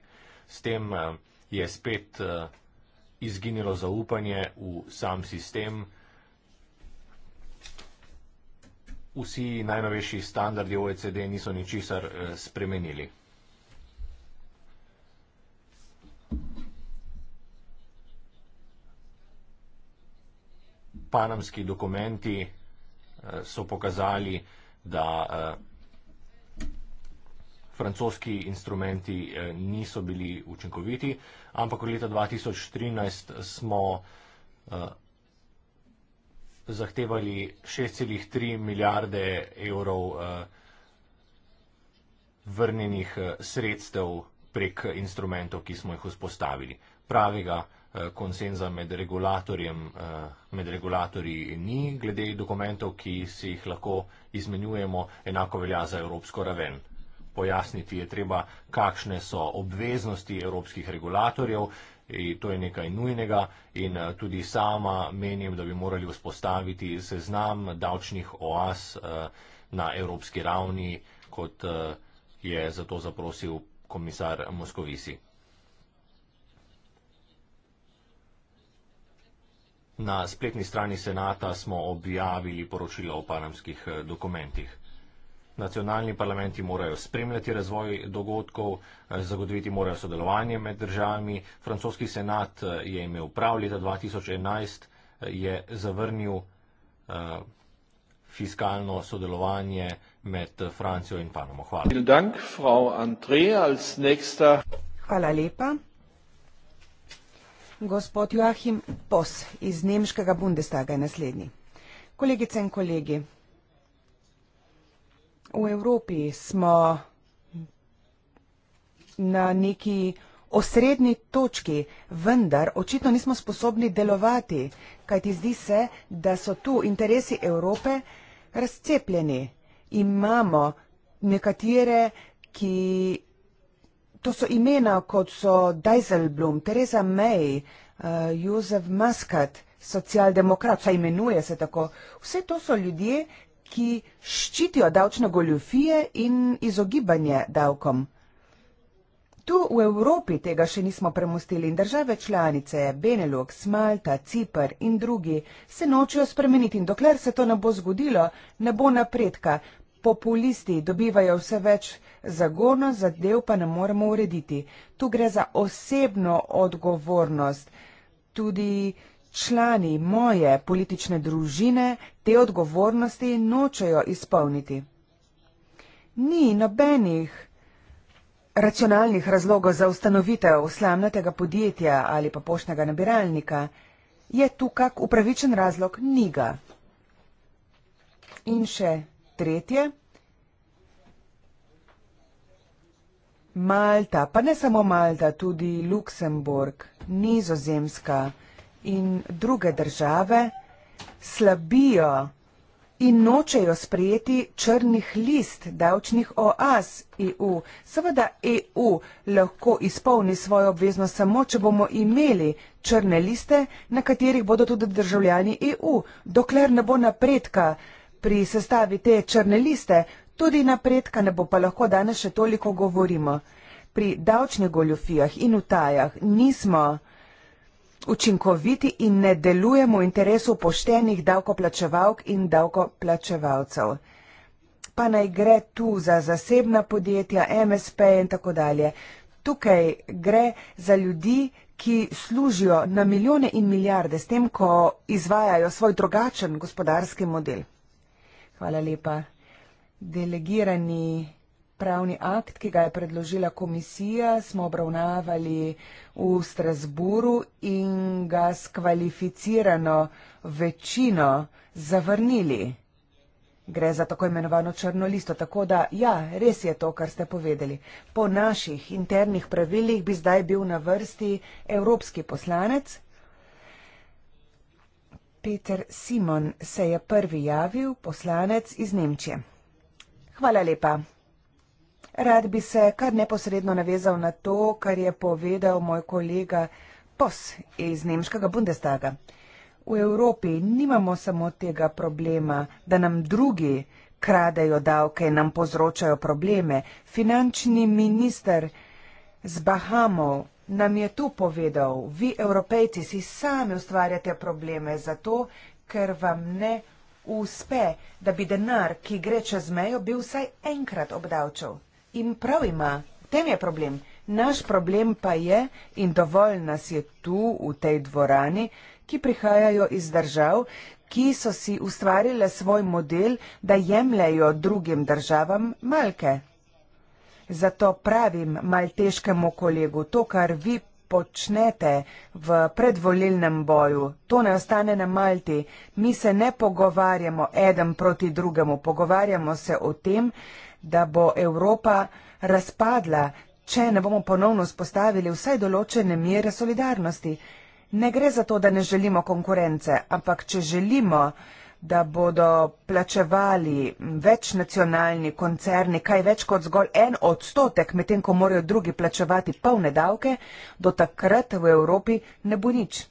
S tem uh, je spet eh, izginilo zaupanje v sam sistem. Vsi najnovejši standardi OECD niso ničesar eh, spremenili. Panamski dokumenti eh, so pokazali, da francoski instrumenti eh, niso bili učinkoviti, ampak v leta 2013 smo eh, zahtevali 6,3 milijarde evrov eh, vrnjenih sredstev prek instrumentov, ki smo jih vzpostavili. Pravega konsenza med, med regulatorji ni, glede dokumentov, ki si jih lahko izmenjujemo, enako velja za evropsko raven pojasniti je treba, kakšne so obveznosti evropskih regulatorjev. In to je nekaj nujnega in eh, tudi sama menim, da bi morali vzpostaviti seznam davčnih oaz eh, na evropski ravni, kot eh, je za to zaprosil komisar Moskovisi. Na spletni strani senata smo objavili poročilo o panamskih dokumentih. Nacionalni parlamenti morajo spremljati razvoj dogodkov, eh, zagotoviti morajo sodelovanje med državami. Francoski senat eh, je imel prav, leta 2011 eh, je zavrnil uh, fiskalno sodelovanje med Francijo in Panamo. Hvala. Hvala lepa. Gospod Joachim Pos iz Nemškega Bundestaga je naslednji. Kolegice in kolegi, v Evropi smo na neki osrednji točki, vendar očitno nismo sposobni delovati, kajti zdi se, da so tu interesi Evrope razcepljeni. Imamo nekatere, ki. To so imena, kot so Dijsselbloom, Theresa May, uh, eh, Josef Muscat, socialdemokrat, saj imenuje se tako. Vse to so ljudje, ki ščitijo davčne goljofije in izogibanje davkom. Tu v Evropi tega še nismo premustili in države članice, Benelux, Malta, Cipr in drugi, se nočijo spremeniti in dokler se to ne bo zgodilo, ne bo napredka. Populisti dobivajo vse več zagona, zadev pa ne moremo urediti. Tu gre za osebno odgovornost. Tudi člani moje politične družine te odgovornosti nočejo izpolniti. Ni nobenih racionalnih razlogov za ustanovitev slamnatega podjetja ali pa poštnega nabiralnika. Je tu kak upravičen razlog? Ni ga. In še tretje. Malta, pa ne samo Malta, tudi Luksemburg, Nizozemska in druge države slabijo in nočejo sprejeti črnih list davčnih oaz EU. Seveda EU lahko izpolni svojo obveznost samo, če bomo imeli črne liste, na katerih bodo tudi državljani EU. Dokler ne bo napredka pri sestavi te črne liste, tudi napredka ne bo pa lahko danes še toliko govorimo. Pri davčnih goljofijah in utajah nismo učinkoviti in ne delujemo v interesu poštenih davkoplačevalk in davkoplačevalcev. Pa naj gre tu za zasebna podjetja, MSP in tako dalje. Tukaj gre za ljudi, ki služijo na milijone in milijarde s tem, ko izvajajo svoj drugačen gospodarski model. Hvala lepa. Delegirani. Pravni akt, ki ga je predložila komisija, smo obravnavali v Strasburu in ga s kvalificirano večino zavrnili. Gre za tako imenovano črno listo, tako da ja, res je to, kar ste povedali. Po naših internih pravilih bi zdaj bil na vrsti evropski poslanec. Peter Simon se je prvi javil, poslanec iz Nemčije. Hvala lepa. Rad bi se kar neposredno navezal na to, kar je povedal moj kolega Pos iz Nemškega Bundestaga. V Evropi nimamo samo tega problema, da nam drugi kradejo davke in nam povzročajo probleme. Finančni minister z Bahamov nam je tu povedal, vi, evropejci, si sami ustvarjate probleme zato, ker vam ne uspe, da bi denar, ki gre čez mejo, bil vsaj enkrat obdavčal. In prav ima, v tem je problem. Naš problem pa je, in dovolj nas je tu v tej dvorani, ki prihajajo iz držav, ki so si ustvarile svoj model, da jemljajo drugim državam malke. Zato pravim maltežkemu kolegu, to, kar vi počnete v predvolilnem boju, to ne ostane na Malti. Mi se ne pogovarjamo eden proti drugemu, pogovarjamo se o tem, da bo Evropa razpadla, če ne bomo ponovno spostavili vsaj določene mere solidarnosti. Ne gre za to, da ne želimo konkurence, ampak če želimo, da bodo plačevali večnacionalni koncerni kaj več kot zgolj en odstotek, medtem ko morajo drugi plačevati polne davke, do takrat v Evropi ne bo nič.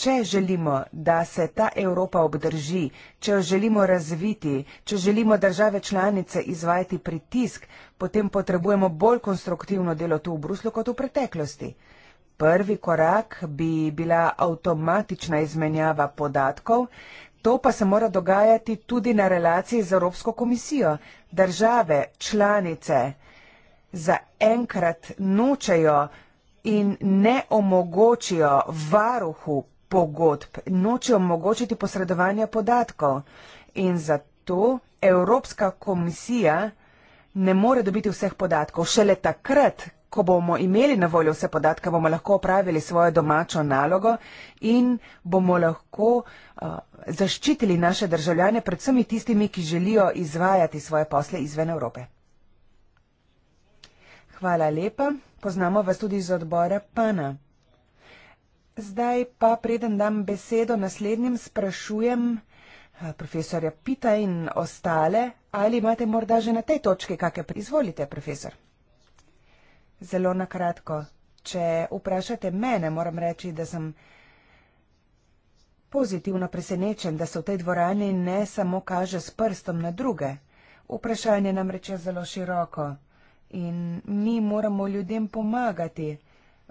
Če želimo, da se ta Evropa obdrži, če jo želimo razviti, če želimo države članice izvajati pritisk, potem potrebujemo bolj konstruktivno delo tu v Bruslu kot v preteklosti. Prvi korak bi bila avtomatična izmenjava podatkov, to pa se mora dogajati tudi na relaciji z Evropsko komisijo. Države članice zaenkrat nočejo in ne omogočijo varuhu pogodb, noče omogočiti posredovanja podatkov in zato Evropska komisija ne more dobiti vseh podatkov. Šele takrat, ko bomo imeli na voljo vse podatke, bomo lahko opravili svojo domačo nalogo in bomo lahko uh, zaščitili naše državljane, predvsem tistimi, ki želijo izvajati svoje posle izven Evrope. Hvala lepa. Poznamo vas tudi iz odbora PANA. Zdaj pa preden dam besedo naslednjim, sprašujem eh, profesorja Pita in ostale, ali imate morda že na tej točki kakšne pri... Izvolite, profesor. Zelo na kratko. Če vprašate mene, moram reči, da sem pozitivno presenečen, da se v tej dvorani ne samo kaže s prstom na druge. Vprašanje namreč je zelo široko in mi moramo ljudem pomagati,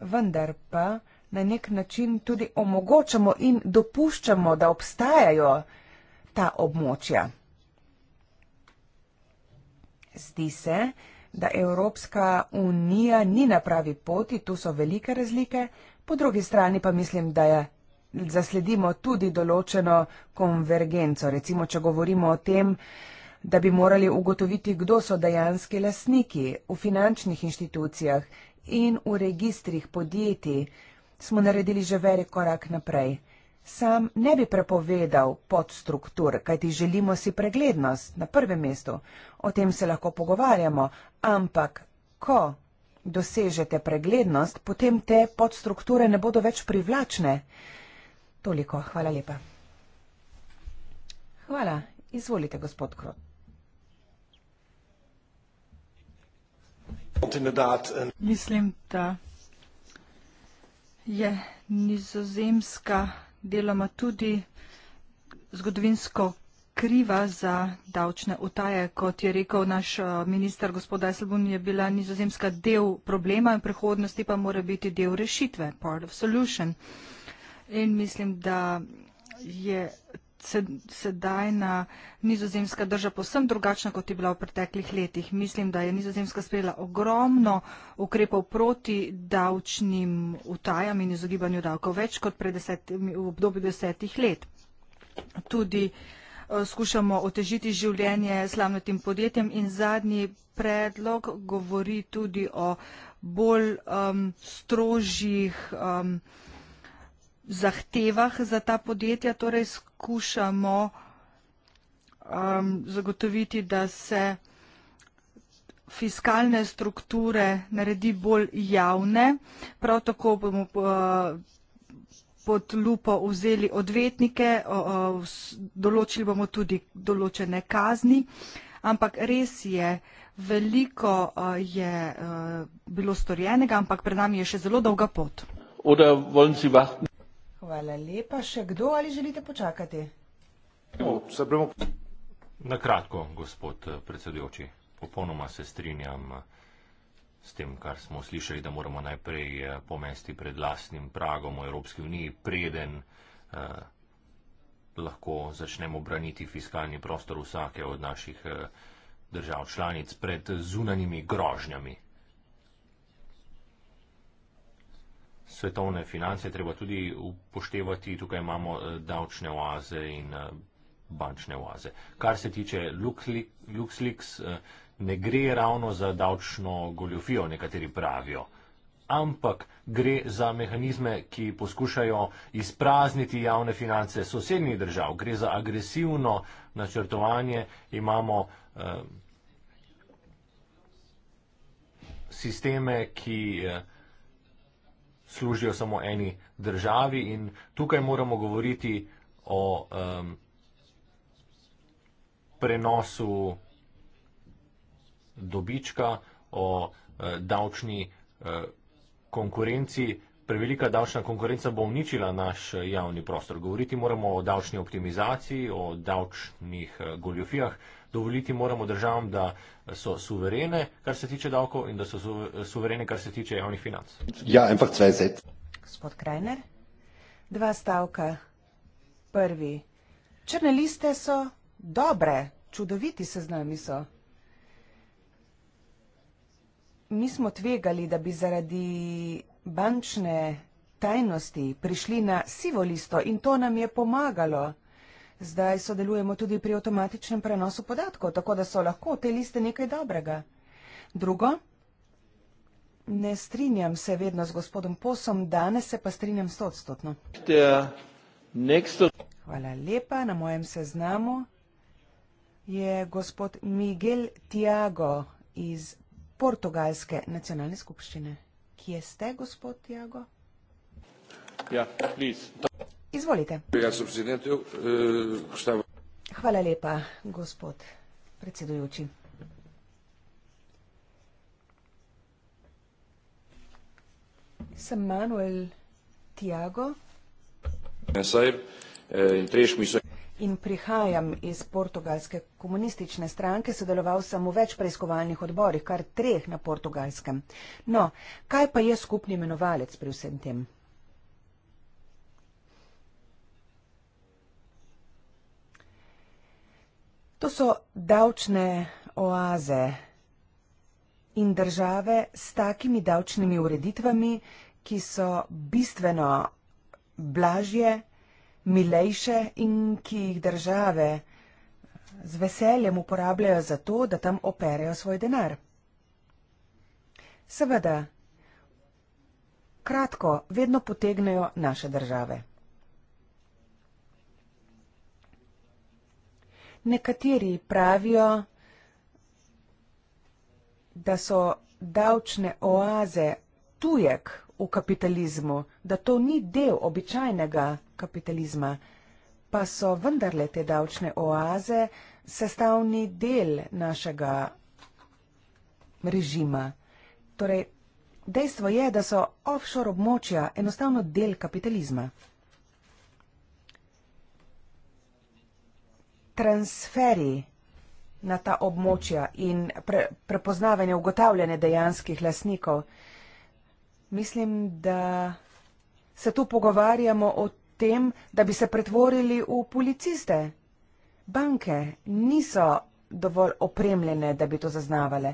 vendar pa na nek način tudi omogočamo in dopuščamo, da obstajajo ta območja. Zdi se, da Evropska unija ni na pravi poti, tu so velike razlike, po drugi strani pa mislim, da je, zasledimo tudi določeno konvergenco. Recimo, če govorimo o tem, da bi morali ugotoviti, kdo so dejanski lasniki v finančnih inštitucijah in v registrih podjetij, smo naredili že velik korak naprej. Sam ne bi prepovedal podstruktur, kajti želimo si preglednost na prvem mestu. O tem se lahko pogovarjamo, ampak ko dosežete preglednost, potem te podstrukture ne bodo več privlačne. Toliko, hvala lepa. Hvala, izvolite, gospod Krot. Mislim, da je nizozemska deloma tudi zgodovinsko kriva za davčne utaje. Kot je rekel naš eh, minister gospod Eselbun, je bila nizozemska del problema in prihodnosti pa mora biti del rešitve, part of solution. In mislim, da je sedaj na nizozemska drža posem drugačna, kot je bila v preteklih letih. Mislim, da je nizozemska sprejela ogromno ukrepov proti davčnim utajam in izogibanju davkov, več kot deset, v obdobju desetih let. Tudi eh, skušamo otežiti življenje slavnotim podjetjem in zadnji predlog govori tudi o bolj um, strožjih um, zahtevah za ta podjetja, torej skušamo um, zagotoviti, da se fiskalne strukture naredi bolj javne. Prav tako bomo uh, pod lupo vzeli odvetnike, določili bomo tudi določene kazni, ampak res je, veliko uh, je uh, bilo storjenega, ampak pred nami je še zelo dolga pot. Oder wollen Sie warten? Hvala lepa. Še kdo ali želite počakati? Na kratko, gospod eh, predsedujoči, popolnoma se strinjam eh, s tem, kar smo slišali, da moramo najprej eh, pomesti pred lasnim pragom v Evropski uniji, preden eh, lahko začnemo braniti fiskalni prostor vsake od naših eh, držav članic pred zunanimi grožnjami. svetovne finance, treba tudi upoštevati, tukaj imamo eh, davčne oaze in eh, bančne oaze. Kar se tiče LuxLeaks, eh, ne gre ravno za davčno goljofijo, nekateri pravijo, ampak gre za mehanizme, ki poskušajo izprazniti javne finance sosednjih držav. Gre za agresivno načrtovanje. Imamo sisteme, ki služijo samo eni državi in tukaj moramo govoriti o um, prenosu dobička, o uh, davčni uh, konkurenci. Prevelika davčna konkurenca bo uničila naš uh, javni prostor. Govoriti moramo o davčni optimizaciji, o davčnih uh, goljofijah. Uh, dovoliti moramo državam, da so suverene, kar se tiče davkov in da so suverene, kar se tiče javnih financ. Ja, ampak zdaj zet. Gospod Krajner, dva stavka. Prvi. Črne liste so dobre, čudoviti se z nami so. Mi smo tvegali, da bi zaradi bančne tajnosti prišli na sivo listo in to nam je pomagalo. Zdaj sodelujemo tudi pri avtomatičnem prenosu podatkov, tako da so lahko te liste nekaj dobrega. Drugo, ne strinjam se vedno z gospodom Posom, danes se pa strinjam stotstotno. Hvala lepa, na mojem seznamu je gospod Miguel Tiago iz Portugalske nacionalne skupščine. Kje ste, gospod Tiago? Ja, prosim. Izvolite. Ja sem presidentil, postavljam. Eh, Hvala lepa, gospod predsedujoči. Sem Manuel Tiago. Ja, eh, in prihajam iz portugalske komunistične stranke, sodeloval sem v več preiskovalnih odborih, kar treh na portugalskem. No, kaj pa je skupni imenovalec pri vsem tem? To so davčne oaze in države s takimi davčnimi ureditvami, ki so bistveno blažje, milejše in ki jih države z veseljem uporabljajo za to, da tam operejo svoj denar. Seveda, kratko, vedno potegnejo naše države. Nekateri pravijo, da so davčne oaze tujek v kapitalizmu, da to ni del običajnega kapitalizma, pa so vendarle te davčne oaze sestavni del našega režima. Torej, dejstvo je, da so offshore območja enostavno del kapitalizma. transferi na ta območja in pre, prepoznavanje, ugotavljanje dejanskih lasnikov. Mislim, da se tu pogovarjamo o tem, da bi se pretvorili v policiste. Banke niso dovolj opremljene, da bi to zaznavale.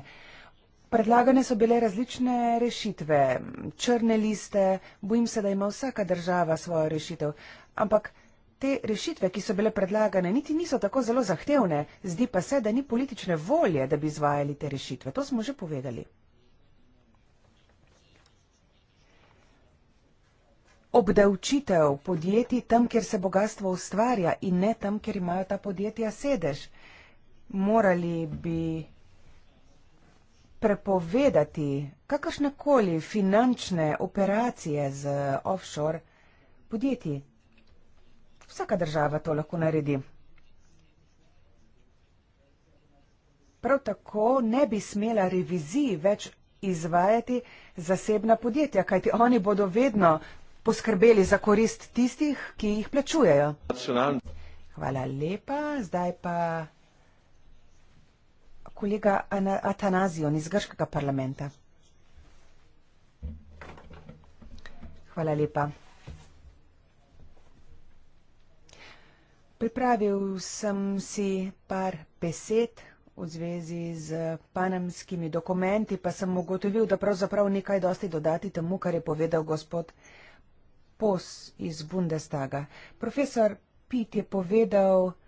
Predlagane so bile različne rešitve, črne liste, bojim se, da ima vsaka država svojo rešitev, ampak te rešitve, ki so bile predlagane, niti niso tako zelo zahtevne, zdi pa se, da ni politične volje, da bi izvajali te rešitve. To smo že povedali. Obdavčitev podjetij tam, kjer se bogatstvo ustvarja in ne tam, kjer imajo ta podjetja sedež. Morali bi prepovedati kakršnekoli finančne operacije z offshore podjetji, vsaka država to lahko naredi. Prav tako ne bi smela reviziji več izvajati zasebna podjetja, kajti oni bodo vedno poskrbeli za korist tistih, ki jih plačujejo. Hvala lepa. Zdaj pa kolega Atanazion iz Grškega parlamenta. Hvala lepa. Pripravil sem si par besed v zvezi z panamskimi dokumenti, pa sem ugotovil, da pravzaprav ni kaj dosti dodati temu, kar je povedal gospod Pos iz Bundestaga. Profesor Pitt je povedal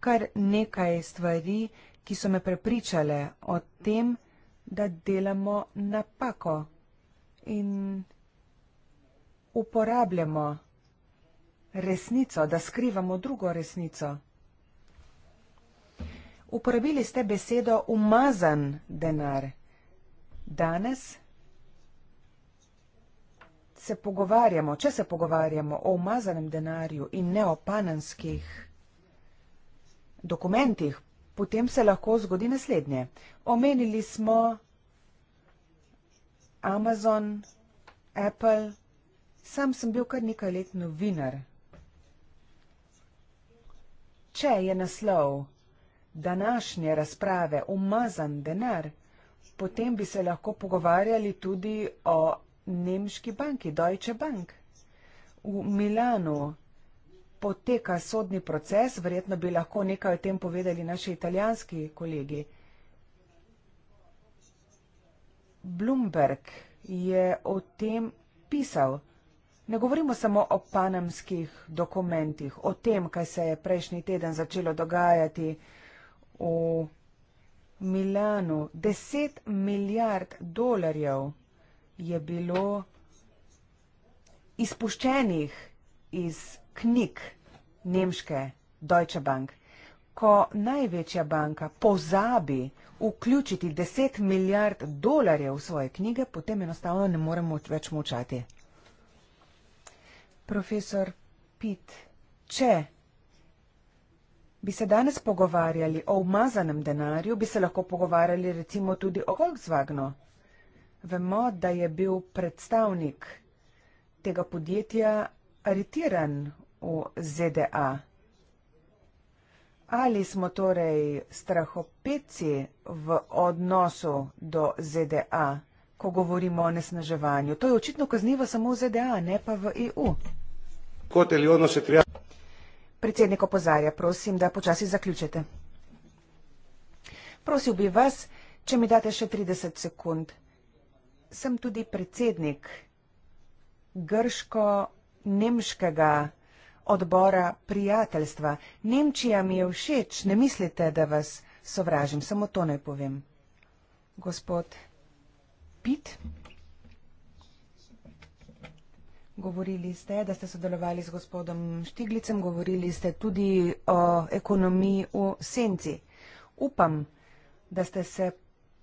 kar nekaj stvari, ki so me prepričale o tem, da delamo napako in uporabljamo resnico, da skrivamo drugo resnico. Uporabili ste besedo umazan denar. Danes se pogovarjamo, če se pogovarjamo o umazanem denarju in ne o panenskih dokumentih, potem se lahko zgodi naslednje. Omenili smo Amazon, Apple, sam sem bil kar nekaj let novinar. Če je naslov današnje razprave umazan denar, potem bi se lahko pogovarjali tudi o nemški banki, Deutsche Bank. V Milanu poteka sodni proces, verjetno bi lahko nekaj o tem povedali naši italijanski kolegi. Bloomberg je o tem pisal. Ne govorimo samo o panamskih dokumentih, o tem, kaj se je prejšnji teden začelo dogajati v Milanu. 10 milijard dolarjev je bilo izpuščenih iz knjig Nemške Deutsche Bank. Ko največja banka pozabi vključiti 10 milijard dolarjev v svoje knjige, potem enostavno ne moremo več močati. Profesor Pitt, če bi se danes pogovarjali o umazanem denarju, bi se lahko pogovarjali recimo tudi o Volkswagenu. Vemo, da je bil predstavnik tega podjetja aretiran v ZDA. Ali smo torej strahopeci v odnosu do ZDA? ko govorimo o nesnaževanju. To je očitno kaznivo samo v ZDA, ne pa v EU. Predsednik opozarja, prosim, da počasi zaključite. Prosil bi vas, če mi date še 30 sekund. Sem tudi predsednik grško-nemškega odbora prijateljstva. Nemčija mi je všeč, ne mislite, da vas sovražim, samo to naj povem. Gospod izpit. Govorili ste, da ste sodelovali z gospodom Štiglicem, govorili ste tudi o ekonomiji v senci. Upam, da ste se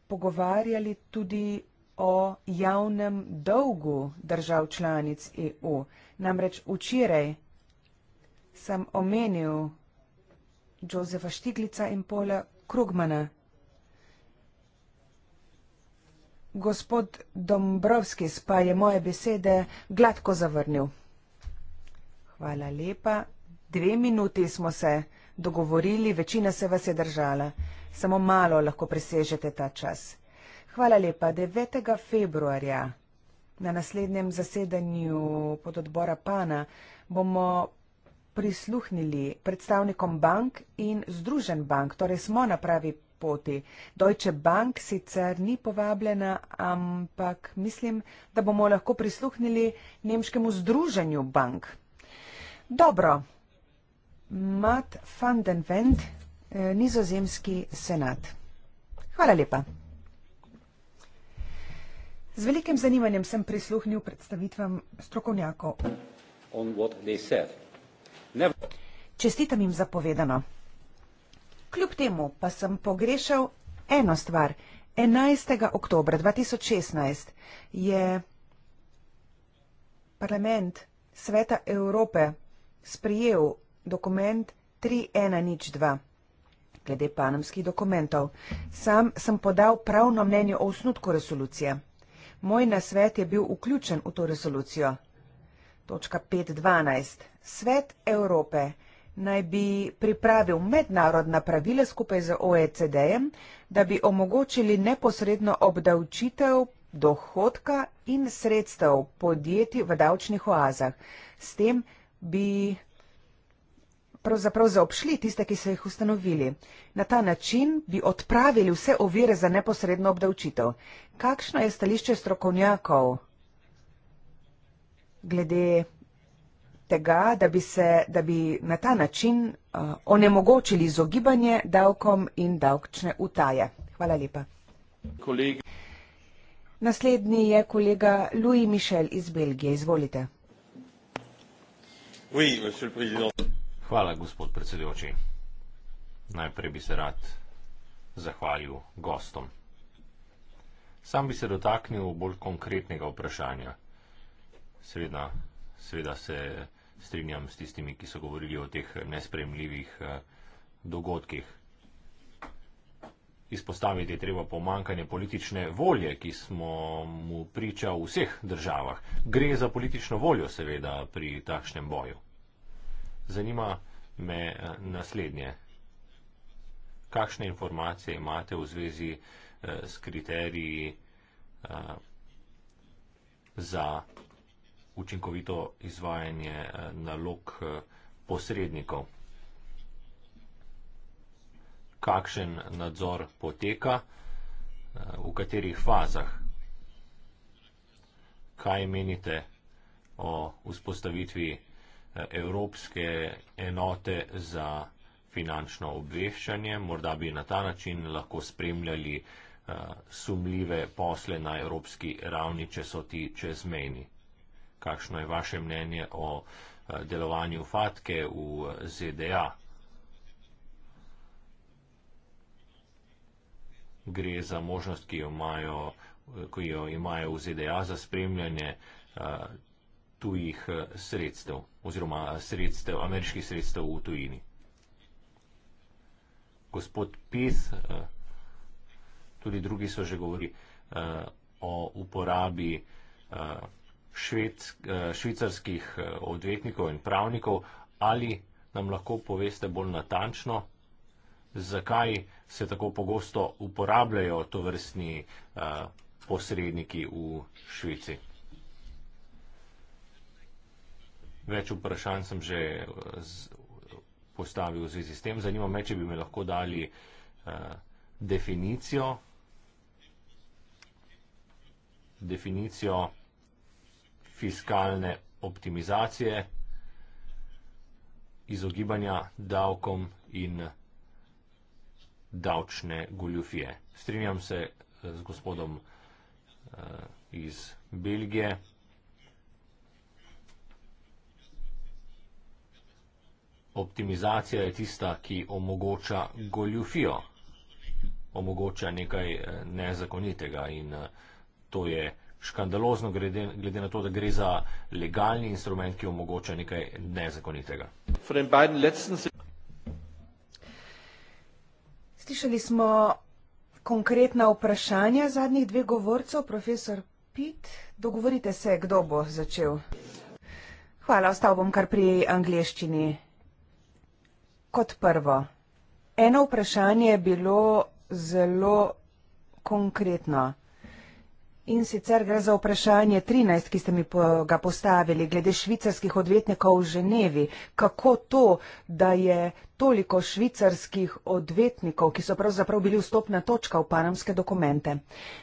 pogovarjali tudi o javnem dolgu držav članic EU. Namreč včeraj sem omenil Jozefa Štiglica in Pola Krugmana. gospod Dombrovskis pa je moje besede gladko zavrnil. Hvala lepa. Dve minuti smo se dogovorili, večina se vas je držala. Samo malo lahko presežete ta čas. Hvala lepa. 9. februarja na naslednjem zasedanju pod odbora PANA bomo prisluhnili predstavnikom bank in združen bank, torej smo na pravi poti. Deutsche Bank sicer ni povabljena, ampak mislim, da bomo lahko prisluhnili nemškemu združenju bank. Dobro, Matt van den Wendt, eh, nizozemski senat. Hvala lepa. Z velikim zanimanjem sem prisluhnil predstavitvam strokovnjakov. Never... Čestitam jim za povedano. Kljub temu pa sem pogrešal eno stvar. 11. oktober 2016 je parlament Sveta Evrope sprijel dokument 3102 glede panamskih dokumentov. Sam sem podal pravno mnenje o osnutku resolucije. Moj nasvet je bil vključen v to resolucijo. Točka 5.12. Svet Evrope naj bi pripravil mednarodna pravila skupaj z OECD-jem, da bi omogočili neposredno obdavčitev dohodka in sredstev podjetij v davčnih oazah. S tem bi pravzaprav zaobšli tiste, ki so jih ustanovili. Na ta način bi odpravili vse ovire za neposredno obdavčitev. Kakšno je stališče strokovnjakov glede tega, da bi, se, da bi na ta način uh, onemogočili izogibanje davkom in davčne utaje. Hvala lepa. Kolegi. Naslednji je kolega Louis Michel iz Belgije. Izvolite. Oui, Hvala, gospod predsedujoči. Najprej bi se rad zahvalil gostom. Sam bi se dotaknil bolj konkretnega vprašanja. Seveda, seveda se strinjam s tistimi, ki so govorili o teh nespremljivih eh, dogodkih. Izpostaviti je treba pomankanje politične volje, ki smo mu priča v vseh državah. Gre za politično voljo, seveda, pri takšnem boju. Zanima me eh, naslednje. Kakšne informacije imate v zvezi eh, s kriteriji za učinkovito izvajanje eh, nalog eh, posrednikov. Kakšen nadzor poteka, eh, v katerih fazah, kaj menite o vzpostavitvi Evropske enote za finančno obveščanje, morda bi na ta način lahko spremljali sumljive posle na evropski ravni, če so ti čezmejni kakšno je vaše mnenje o eh, delovanju FATKE v eh, ZDA. Gre za možnost, ki jo imajo, eh, ki jo imajo v ZDA za spremljanje tujih sredstev oziroma sredstev, ameriških sredstev v tujini. Gospod Pis, tudi drugi so že govorili o uporabi švec, eh, švicarskih eh, odvetnikov in pravnikov, ali nam lahko poveste bolj natančno, zakaj se tako pogosto uporabljajo to vrstni eh, posredniki v Švici. Več vprašanj sem že postavil v zvezi s tem. Zanima me, če bi me lahko dali definicijo. definicijo fiskalne optimizacije, izogibanja davkom in davčne goljufije. Strinjam se eh, z gospodom eh, iz Belgije. Optimizacija je tista, ki omogoča goljufijo, omogoča nekaj eh, nezakonitega in to je nekaj, škandalozno, glede, glede na to, da gre za legalni instrument, ki omogoča nekaj nezakonitega. Slišali smo konkretna vprašanja zadnjih dveh govorcev, profesor Pitt. Dogovorite se, kdo bo začel. Hvala, ostal bom kar pri angliščini. Kot prvo, eno vprašanje je bilo zelo konkretno. In sicer gre za vprašanje 13, ki ste mi ga postavili, glede švicarskih odvetnikov v Ženevi. Kako to, da je toliko švicarskih odvetnikov, ki so pravzaprav bili vstopna točka v panamske dokumente?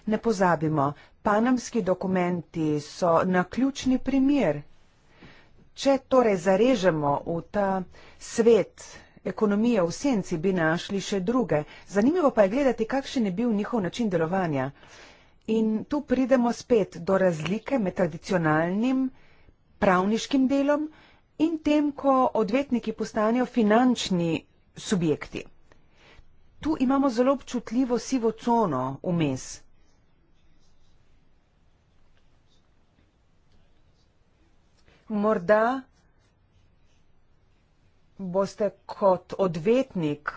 Ne pozabimo, panamski dokumenti so na ključni primer. Če torej zarežemo v ta svet ekonomije v senci, bi našli še druge. Zanimivo pa je gledati, kakšen je bil njihov način delovanja. In tu pridemo spet do razlike med tradicionalnim pravniškim delom in tem, ko odvetniki postanejo finančni subjekti. Tu imamo zelo občutljivo sivo cono vmes. Morda boste kot odvetnik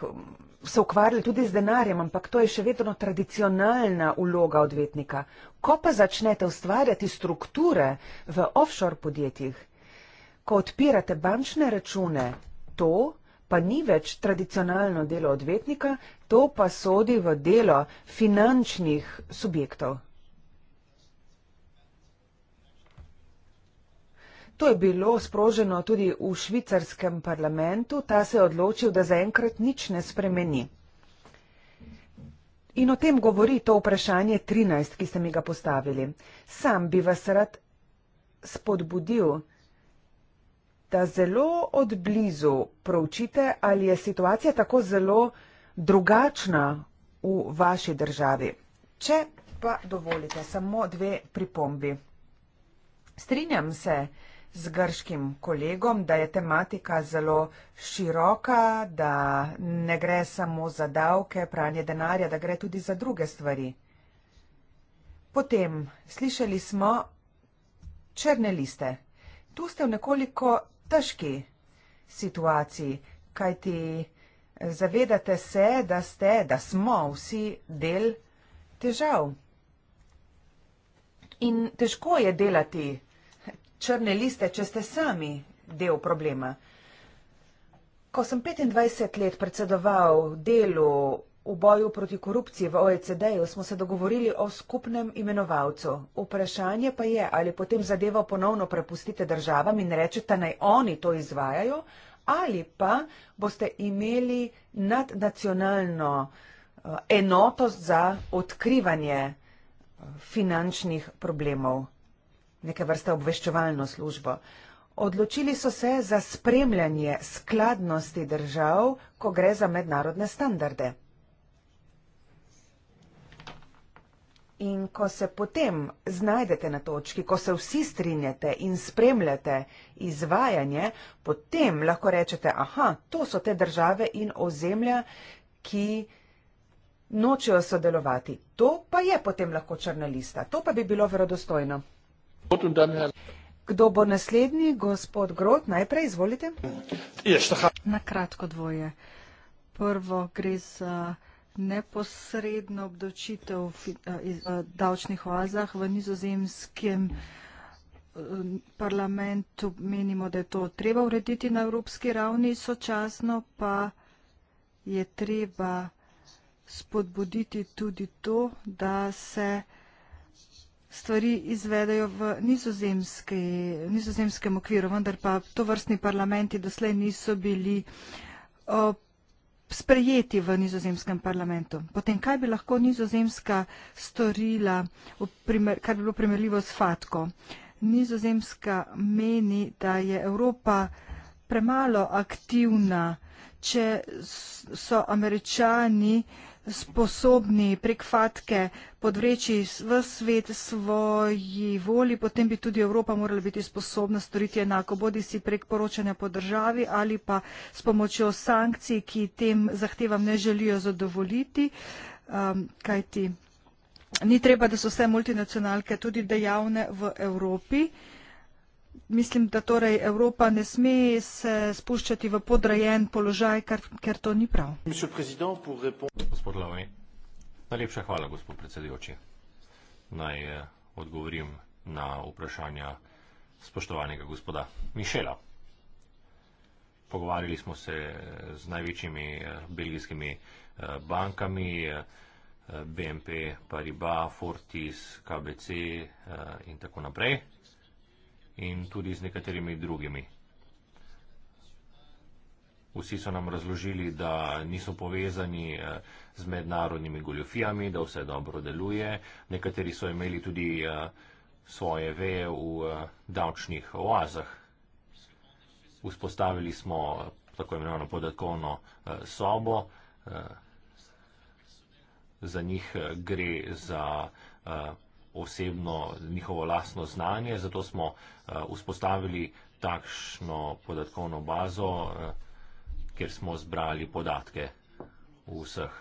se ukvarjali tudi z denarjem, ampak to je še vedno tradicionalna vloga odvetnika. Ko pa začnete ustvarjati strukture v offshore podjetjih, ko odpirate bančne račune, to pa ni več tradicionalno delo odvetnika, to pa sodi v delo finančnih subjektov. To je bilo sproženo tudi v švicarskem parlamentu, ta se je odločil, da zaenkrat nič ne spremeni. In o tem govori to vprašanje 13, ki ste mi ga postavili. Sam bi vas rad spodbudil, da zelo odblizu proučite, ali je situacija tako zelo drugačna v vaši državi. Če pa dovolite, samo dve pripombi. Strinjam se, da z grškim kolegom, da je tematika zelo široka, da ne gre samo za davke, pranje denarja, da gre tudi za druge stvari. Potem slišali smo črne liste. Tu ste v nekoliko težki situaciji, kajti zavedate se, da ste, da smo vsi del težav. In težko je delati črne liste, če ste sami del problema. Ko sem 25 let predsedoval delu v boju proti korupciji v OECD-ju, smo se dogovorili o skupnem imenovalcu. Vprašanje pa je, ali potem zadevo ponovno prepustite državam in rečete, naj oni to izvajajo, ali pa boste imeli nadnacionalno eh, enoto za odkrivanje eh, finančnih problemov neke vrste obveščevalno službo. Odločili so se za spremljanje skladnosti držav, ko gre za mednarodne standarde. In ko se potem znajdete na točki, ko se vsi strinjate in spremljate izvajanje, potem lahko rečete, aha, to so te države in ozemlja, ki nočejo sodelovati. To pa je potem lahko črna lista. To pa bi bilo verodostojno. Kdo bo naslednji? Gospod Grot, najprej izvolite. Na kratko dvoje. Prvo gre za neposredno obdočitev v eh, eh, davčnih oazah v nizozemskem eh, parlamentu. Menimo, da je to treba urediti na evropski ravni, sočasno pa je treba spodbuditi tudi to, da se stvari izvedejo v nizozemskem okviru, vendar pa to vrstni parlamenti doslej niso bili o, sprejeti v nizozemskem parlamentu. Potem, kaj bi lahko nizozemska storila, primer, kar bi bilo primerljivo s Fatko? Nizozemska meni, da je Evropa premalo aktivna če so američani sposobni prek fatke podvreči v svet svoji voli, potem bi tudi Evropa morala biti sposobna storiti enako, bodi si prek poročanja po državi ali pa s pomočjo sankcij, ki tem zahtevam ne želijo zadovoljiti, um, kajti ni treba, da so vse multinacionalke tudi dejavne v Evropi mislim, da torej Evropa ne sme se spuščati v podrajen položaj, kar, ker to ni prav. Gospod Lavni, najlepša hvala, gospod predsedujoči. Naj eh, odgovorim na vprašanja spoštovanega gospoda Mišela. Pogovarjali smo se eh, z največjimi eh, belgijskimi bankami, BNP, Pariba, Fortis, KBC in tako naprej in tudi z nekaterimi drugimi. Vsi so nam razložili, da niso povezani eh, z mednarodnimi goljofijami, da vse dobro deluje. Nekateri so imeli tudi eh, svoje veje v eh, davčnih oazah. Vzpostavili smo tako imenovano podatkovno sobo. Za njih gre za osebno njihovo lastno znanje, zato smo eh, vzpostavili takšno podatkovno bazo, eh, kjer smo zbrali podatke vseh.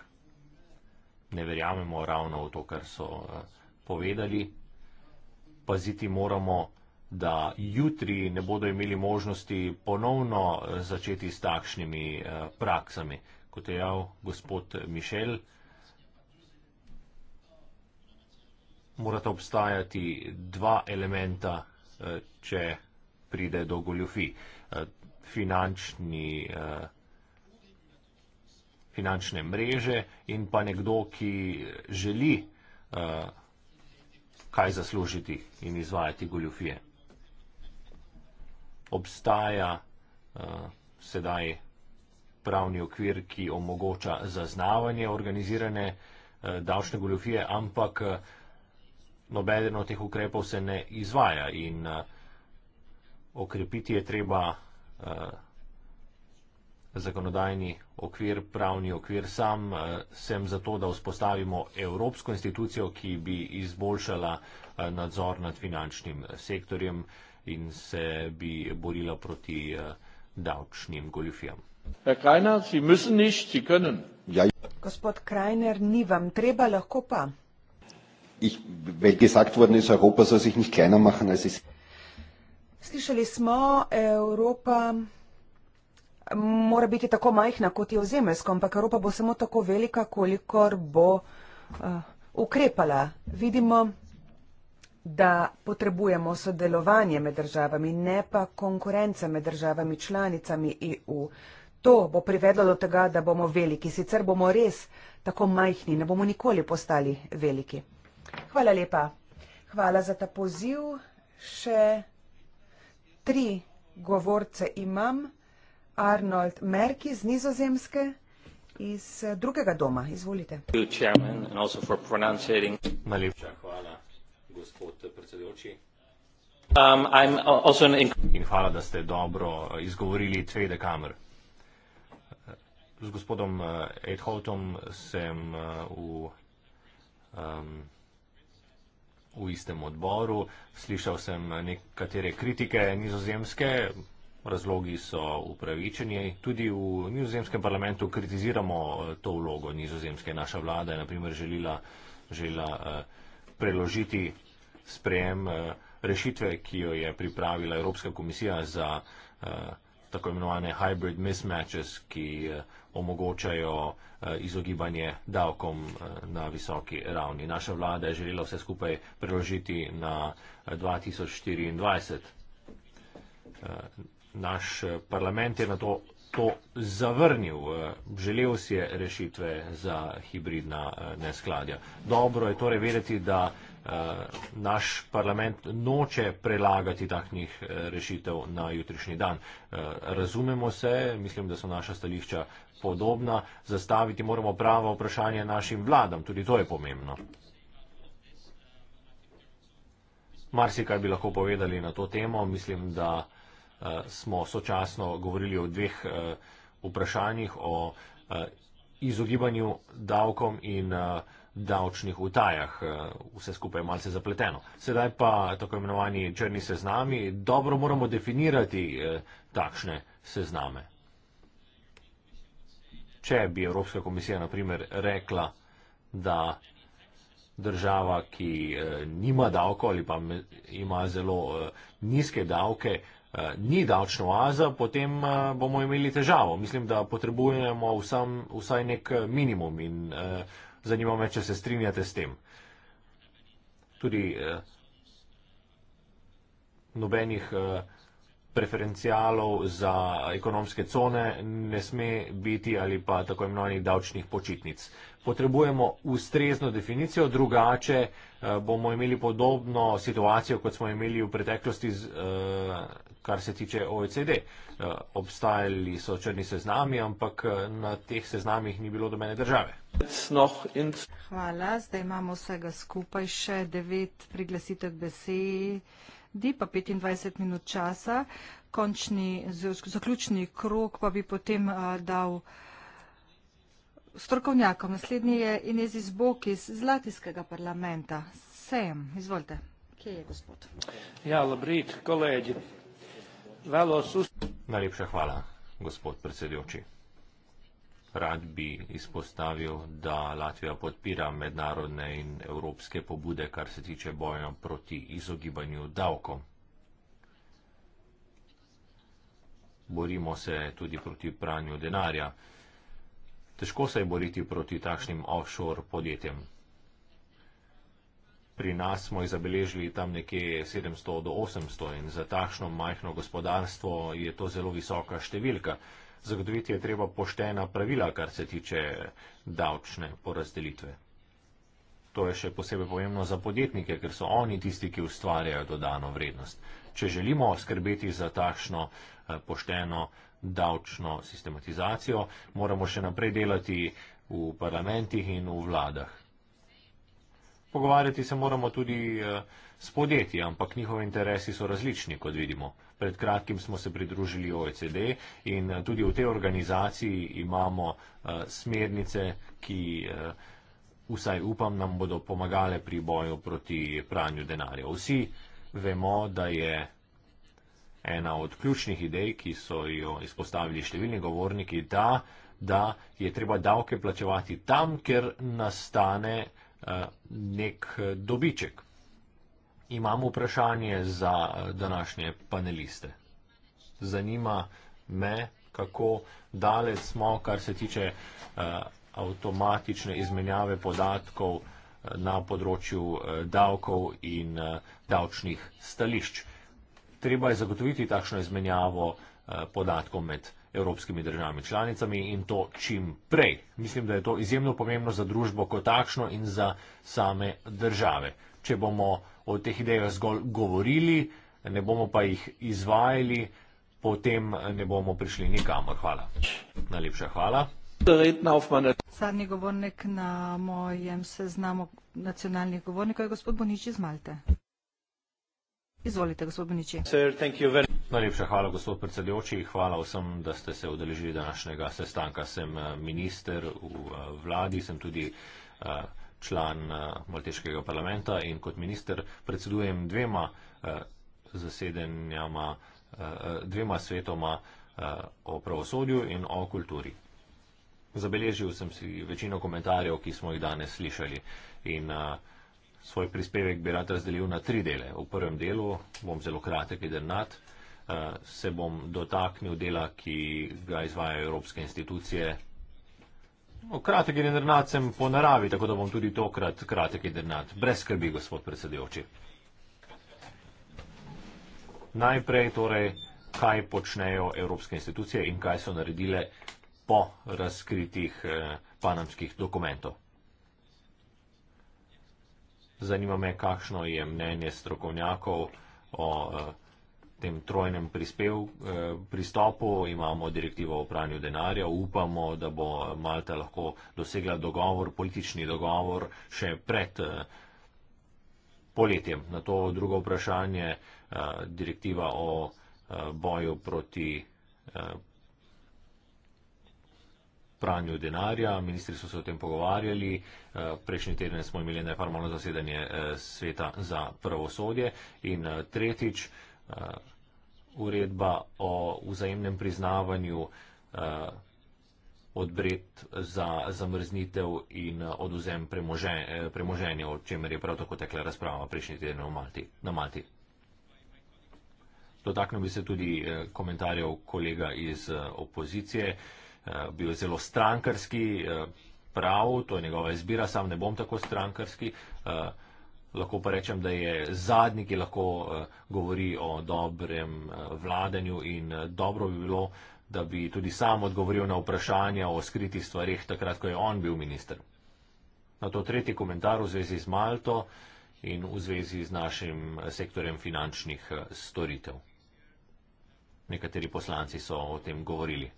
Ne verjamemo ravno v to, kar so eh, povedali. Paziti moramo, da jutri ne bodo imeli možnosti ponovno začeti s takšnimi praksami, kot je javil gospod Mišel. morata obstajati dva elementa, eh, če pride do goljufi. Eh, finančni, eh, finančne mreže in pa nekdo, ki želi kaj zaslužiti in izvajati goljufije. Obstaja sedaj pravni okvir, ki omogoča zaznavanje organizirane davčne goljofije, ampak uh, nobeden od teh ukrepov se ne izvaja in uh, okrepiti je treba uh, zakonodajni okvir, pravni okvir. Sam uh, sem za to, da vzpostavimo evropsko institucijo, ki bi izboljšala uh, nadzor nad finančnim sektorjem in se bi borila proti uh, davčnim goljufijam. Ja. Gospod Krajner, ni vam treba, lahko pa ich, weil gesagt worden ist, Europa soll sich nicht kleiner machen, als es Slišali smo, Evropa mora biti tako majhna, kot je ozemeljsko, ampak Evropa bo samo tako velika, kolikor bo uh, ukrepala. Vidimo, da potrebujemo sodelovanje med državami, ne pa konkurence med državami članicami EU. To bo privedlo do tega, da bomo veliki, sicer bomo res tako majhni, ne bomo nikoli postali veliki. Hvala lepa. Hvala za ta poziv. Še tri govorce imam. Arnold Merki iz Nizozemske, iz eh, drugega doma. Izvolite. Najlepša hvala, gospod predsedujoči. Um, in... in hvala, da ste dobro izgovorili tvede kamer. Z gospodom eh, Edholtom sem eh, v um, v istem odboru. Slišal sem nekatere kritike nizozemske, razlogi so upravičeni. Tudi v nizozemskem parlamentu kritiziramo eh, to vlogo nizozemske. Naša vlada je naprimer želila, želila eh, preložiti sprejem eh, rešitve, ki jo je pripravila Evropska komisija za tako imenovane hybrid mismatches, ki eh, omogočajo eh, izogibanje davkom eh, na visoki ravni. Naša vlada je želela vse skupaj preložiti na 2024. Naš parlament je na to, to zavrnil. Želel si je rešitve za hibridna neskladja. Dobro je torej vedeti, da Eh, naš parlament noče prelagati takšnih eh, rešitev na jutrišnji dan. Eh, razumemo se, mislim, da so naša stališča podobna, zastaviti moramo pravo vprašanje našim vladam, tudi to je pomembno. Marsi, kaj bi lahko povedali na to temo, mislim, da smo sočasno govorili o dveh vprašanjih, o izogibanju davkom in uh, davčnih utajah. Uh, vse skupaj je malce zapleteno. Sedaj pa tako imenovani črni seznami. Dobro moramo definirati uh, takšne sezname. Če bi Evropska komisija naprimer rekla, da država, ki uh, nima davko ali pa me, ima zelo uh, nizke davke, uh, Eh, ni davčna oaza, potem eh, bomo imeli težavo. Mislim, da potrebujemo vsem, vsaj nek eh, minimum in zanima me, če se strinjate s tem. Tudi nobenih preferencialov za ekonomske cone ne sme biti ali pa tako imenovanih davčnih počitnic. Potrebujemo ustrezno definicijo, drugače bomo imeli podobno situacijo, kot smo imeli v preteklosti z, kar se tiče OECD. Eh, obstajali so črni seznami, ampak eh, na teh seznamih ni bilo domene države. Hvala, zdaj imamo vsega skupaj še devet priglasitev besedi. Di pa 25 minut časa, končni, zaključni krok pa bi potem a, eh, dal strokovnjakom. Naslednji je Inez Izbok iz Zlatiskega parlamenta. Sem, izvolite, kje je gospod? Ja, labrit, kolegi. Najlepša hvala, gospod predsedujoči. Rad bi izpostavil, da Latvija podpira mednarodne in evropske pobude, kar se tiče boja proti izogibanju davkom. Borimo se tudi proti pranju denarja. Težko se je boriti proti takšnim offshore podjetjem. Pri nas smo jih zabeležili tam nekje 700 do 800 in za takšno majhno gospodarstvo je to zelo visoka številka. Zagotoviti je treba poštena pravila, kar se tiče davčne porazdelitve. To je še posebej pomembno za podjetnike, ker so oni tisti, ki ustvarjajo dodano vrednost. Če želimo skrbeti za takšno eh, pošteno davčno sistematizacijo, moramo še naprej delati v parlamentih in v vladah. Pogovarjati se moramo tudi eh, s podjetji, ampak njihovi interesi so različni, kot vidimo. Pred kratkim smo se pridružili OECD in eh, tudi v tej organizaciji imamo eh, smernice, ki vsaj upam nam bodo pomagale pri boju proti pranju denarja. Vsi vemo, da je ena od ključnih idej, ki so jo izpostavili številni govorniki, ta, da je treba davke plačevati tam, ker nastane Eh, nek eh, dobiček. Imam vprašanje za eh, današnje paneliste. Zanima me, kako daleč smo, kar se tiče avtomatične izmenjave podatkov na področju davkov in davčnih stališč. Treba je zagotoviti takšno izmenjavo podatkov med podatkov evropskimi državami članicami in to čim prej. Mislim, da je to izjemno pomembno za družbo kot takšno in za same države. Če bomo o teh idejah zgolj govorili, ne bomo pa jih izvajali, potem ne bomo prišli nikamor. Hvala. Najlepša hvala. Zadnji govornik na mojem seznamu nacionalnih govornikov je gospod Bonič iz Malte. Izvolite, gospod Bonič. Sir, thank you very much. Najlepša hvala, gospod predsedujoči. Hvala vsem, da ste se odeležili današnjega sestanka. Sem eh, minister v eh, vladi, sem tudi eh, član Malteškega parlamenta in kot minister predsedujem dvema zasedenjama, dvema svetoma o pravosodju in o kulturi. Zabeležil sem si večino komentarjev, ki smo jih danes slišali in svoj prispevek bi rad razdelil na tri dele. V prvem delu bom zelo kratek, idem nad. Eh, se bom dotaknil dela, ki ga izvajo evropske institucije. No, kratek je denarnat, sem po naravi, tako da bom tudi tokrat kratek je denarnat. Brez skrbi, gospod predsedujoči. Najprej torej, kaj počnejo evropske institucije in kaj so naredile po razkritih eh, panamskih dokumentov. Zanima me, kakšno je mnenje strokovnjakov o eh, tem trojnem prispev, eh, pristopu, imamo direktivo o pranju denarja, upamo, da bo Malta lahko dosegla dogovor, politični dogovor še pred eh, poletjem. Na to drugo vprašanje, eh, direktiva o boju proti pranju denarja, ministri so se o tem pogovarjali, prejšnji teden smo imeli neformalno zasedanje sveta za pravosodje in tretjič, Eh, uredba o vzajemnem priznavanju eh, odbred za zamrznitev in eh, oduzem premoženja, o čemer je prav tako tekla razprava prejšnji teden na Malti. Dotaknil bi se tudi komentarjev kolega iz opozicije, bil je zelo strankarski, prav, to je njegova izbira, sam ne bom tako strankarski lahko pa rečem, da je zadnji, ki lahko eh, govori o dobrem eh, vladanju in eh, dobro bi bilo, da bi tudi sam odgovoril na vprašanja o skritih stvarih takrat, ko je on bil minister. Na to tretji komentar v zvezi z Malto in v zvezi z našim sektorjem finančnih storitev. Nekateri poslanci so o tem govorili.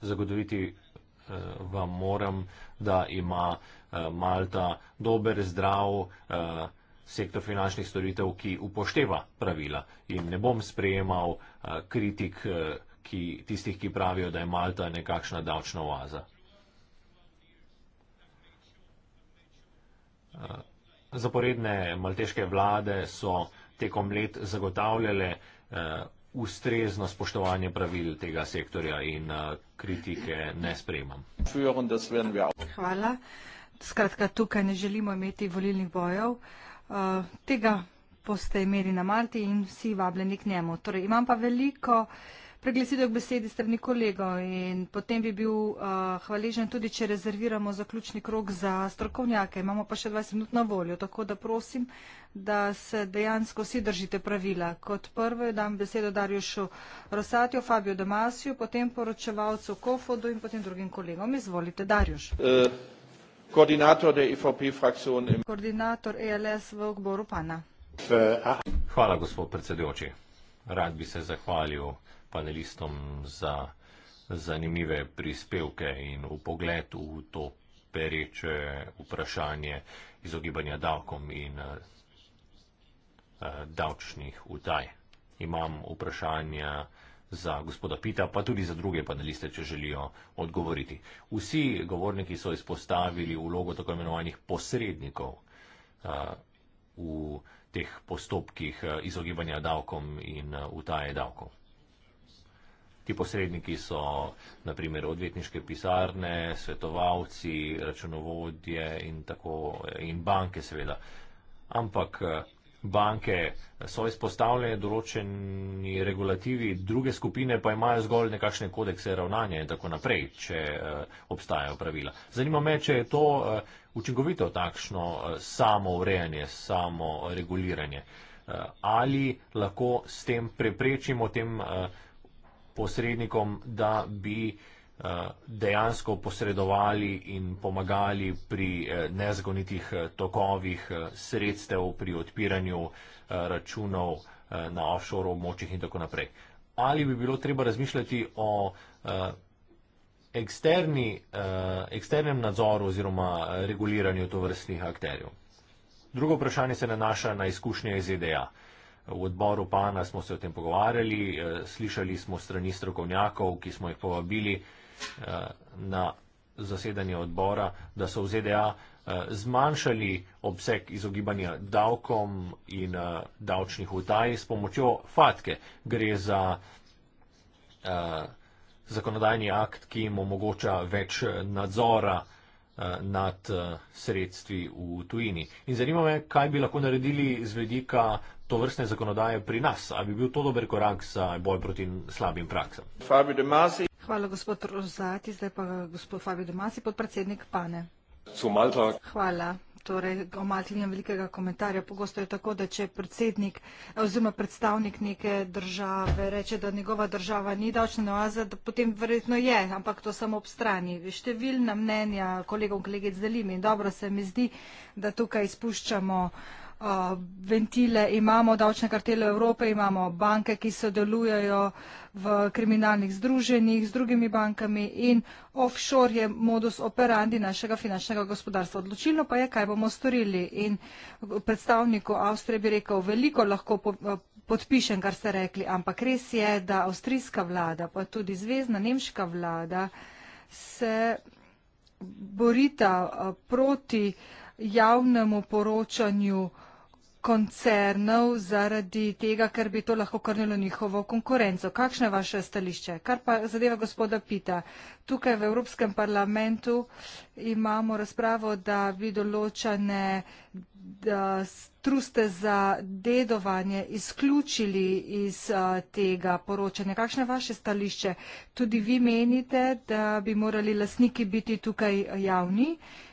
Zagotoviti vam moram, da ima Eh, Malta dober, zdrav eh, sektor finančnih storitev, ki upošteva pravila. In ne bom sprejemal eh, kritik ki, tistih, ki pravijo, da je Malta nekakšna davčna oaza. Zaporedne malteške vlade so tekom let zagotavljale ustrezno spoštovanje pravil tega sektorja in kritike ne sprejemam. Hvala skratka, tukaj ne želimo imeti volilnih bojev. Uh, tega boste imeli na Malti in vsi vabljeni k njemu. Torej, imam pa veliko preglesitev k besedi strani kolegov in potem bi bil uh, hvaležen tudi, če rezerviramo zaključni krok za strokovnjake. Imamo pa še 20 minut na voljo, tako da prosim, da se dejansko vsi držite pravila. Kot prvo je dam besedo Darjušu Rosatijo, Fabio Damasiju, potem poročevalcu Kofodu in potem drugim kolegom. Izvolite, Darjuš. Uh. Eh, koordinator der EVP Fraktion im Koordinator ELS v odboru pana. Hvala gospod predsedujoči. Rad bi se zahvalil panelistom za zanimive prispevke in v pogled v to pereče vprašanje izogibanja davkom in uh, davčnih utaj. Imam vprašanja za gospoda Pita, pa tudi za druge paneliste, če želijo odgovoriti. Vsi govorniki so izpostavili vlogo tako imenovanih posrednikov uh, v teh postopkih izogibanja davkom in utaje davkov. Ti posredniki so naprimer odvetniške pisarne, svetovalci, računovodje in, tako, in banke seveda. Ampak banke so izpostavljene določeni regulativi, druge skupine pa imajo zgolj nekakšne kodekse ravnanja in tako naprej, če eh, obstajajo pravila. Zanima me, če je to eh, učinkovito takšno eh, samo urejanje, samo reguliranje. Ali lahko s tem preprečimo tem posrednikom, da bi uh, Eh, dejansko posredovali in pomagali pri eh, nezgonitih eh, tokovih sredstev, pri odpiranju računov na offshore območjih in tako naprej. Ali bi bilo treba razmišljati o eksterni, eksternem nadzoru oziroma reguliranju tovrstnih akterjev? Drugo vprašanje se nanaša na izkušnje iz EDA. V odboru PANA smo se o tem pogovarjali, slišali smo strani strokovnjakov, ki smo jih povabili, Eh, na zasedanje odbora, da so v ZDA eh, zmanjšali obseg izogibanja davkom in eh, davčnih vtaj s pomočjo fatke. Gre za zakonodajni akt, ki jim omogoča več nadzora nad sredstvi v tujini. In zanima me, kaj bi lahko naredili z vedika to vrstne zakonodaje pri nas. A bi bil to dober korak za boj proti slabim praksam? Fabio De Masi, Hvala, gospod Rozati. Zdaj pa gospod Fabio Domasi, podpredsednik Pane. Malta. Hvala. Torej, o Malti nimam velikega komentarja. Pogosto je tako, da če predsednik oziroma predstavnik neke države reče, da njegova država ni davčna oaza, da potem verjetno je, ampak to samo ob strani. Številna mnenja kolegov in kolegic delim in dobro se mi zdi, da tukaj izpuščamo Eh, ventile, imamo davčne kartele Evrope, imamo banke, ki sodelujejo v kriminalnih združenjih z drugimi bankami in offshore je modus operandi našega finančnega gospodarstva. Odločilno pa je, kaj bomo storili in predstavniku Avstrije bi rekel, veliko lahko eh, podpišem, kar ste rekli, ampak res je, da avstrijska vlada, pa tudi zvezdna nemška vlada se borita eh, proti javnemu poročanju uh, koncernov zaradi tega, ker bi to lahko krnilo njihovo konkurenco. Kakšno je vaše stališče? Kar pa zadeva gospoda Pita. Tukaj v Evropskem parlamentu imamo razpravo, da bi določene truste za dedovanje izključili iz tega poročanja. Kakšno je vaše stališče? Tudi vi menite, da bi morali lasniki biti tukaj javni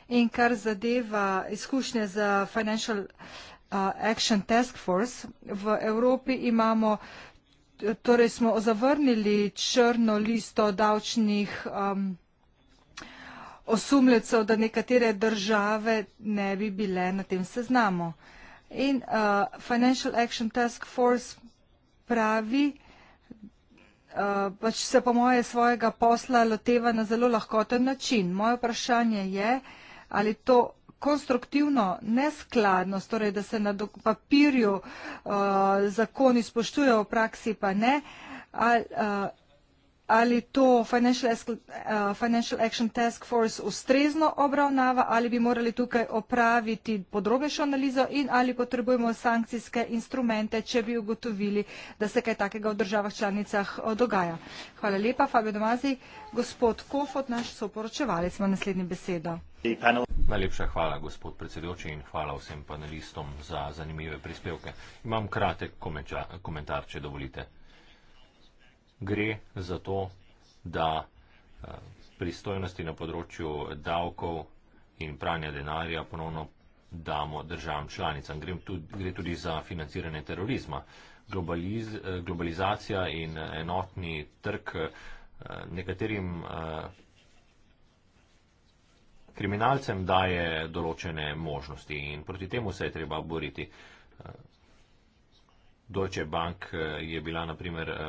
in kar zadeva izkušnje za financial uh, action task force v Evropi imamo Torej smo zavrnili črno listo davčnih um, osumljecev, da nekatere države ne bi bile na tem seznamu. In uh, Financial Action Task Force pravi, uh, pač se po moje svojega posla loteva na zelo lahkoten način. Moje vprašanje je, ali to konstruktivno neskladnost, torej da se na papirju uh, zakoni spoštujejo, v praksi pa ne, ali, uh, ali to financial, uh, financial Action Task Force ustrezno obravnava, ali bi morali tukaj opraviti podrobnejšo analizo in ali potrebujemo sankcijske instrumente, če bi ugotovili, da se kaj takega v državah članicah uh, dogaja. Hvala lepa, Fabio Domazi. Gospod Kofot, naš soporočevalec, ima naslednji besedo. Najlepša hvala, gospod predsedujoči, in hvala vsem panelistom za zanimive prispevke. Imam kratek komenča, komentar, če dovolite. Gre za to, da eh, pristojnosti na področju davkov in pranja denarja ponovno damo državam članicam. Gre tudi, gre tudi za financiranje terorizma. Globaliz, eh, globalizacija in enotni trg eh, nekaterim kriminalcem daje določene možnosti in proti temu se je treba boriti. Eh, Deutsche Bank eh, je bila naprimer eh,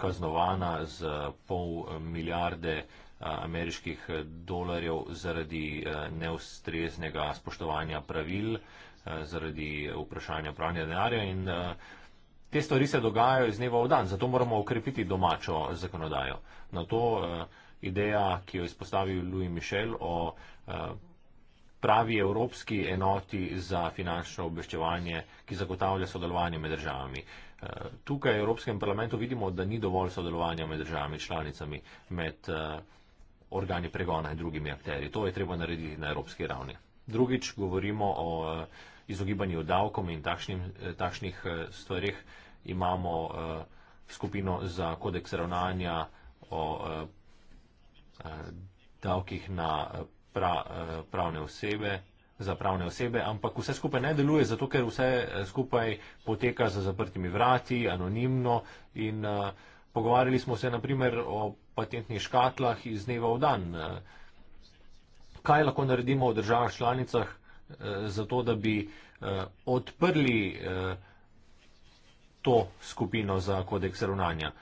kaznovana z pol milijarde ameriških dolarjev zaradi neustreznega spoštovanja pravil, zaradi vprašanja pravnja denarja in te stvari se dogajajo iz dneva v dan, zato moramo ukrepiti domačo zakonodajo. Na to uh, ideja, ki jo je izpostavil Louis Michel o eh, pravi evropski enoti za finančno obveščevanje, ki zagotavlja sodelovanje med državami. Eh, tukaj v Evropskem parlamentu vidimo, da ni dovolj sodelovanja med državami članicami, med eh, organi pregona in drugimi akteri. To je treba narediti na evropski ravni. Drugič govorimo o izogibanju davkom in takšnim, takšnih stvarih. Imamo skupino za kodeks ravnanja o Eh, davkih na eh, pra, eh, pravne osebe, za pravne osebe, ampak vse skupaj ne deluje, zato ker vse skupaj poteka za zaprtimi vrati, anonimno in pogovarjali smo se naprimer o patentnih škatlah iz dneva v dan. Kaj lahko naredimo v državah članicah, zato da bi odprli to skupino za kodeks ravnanja?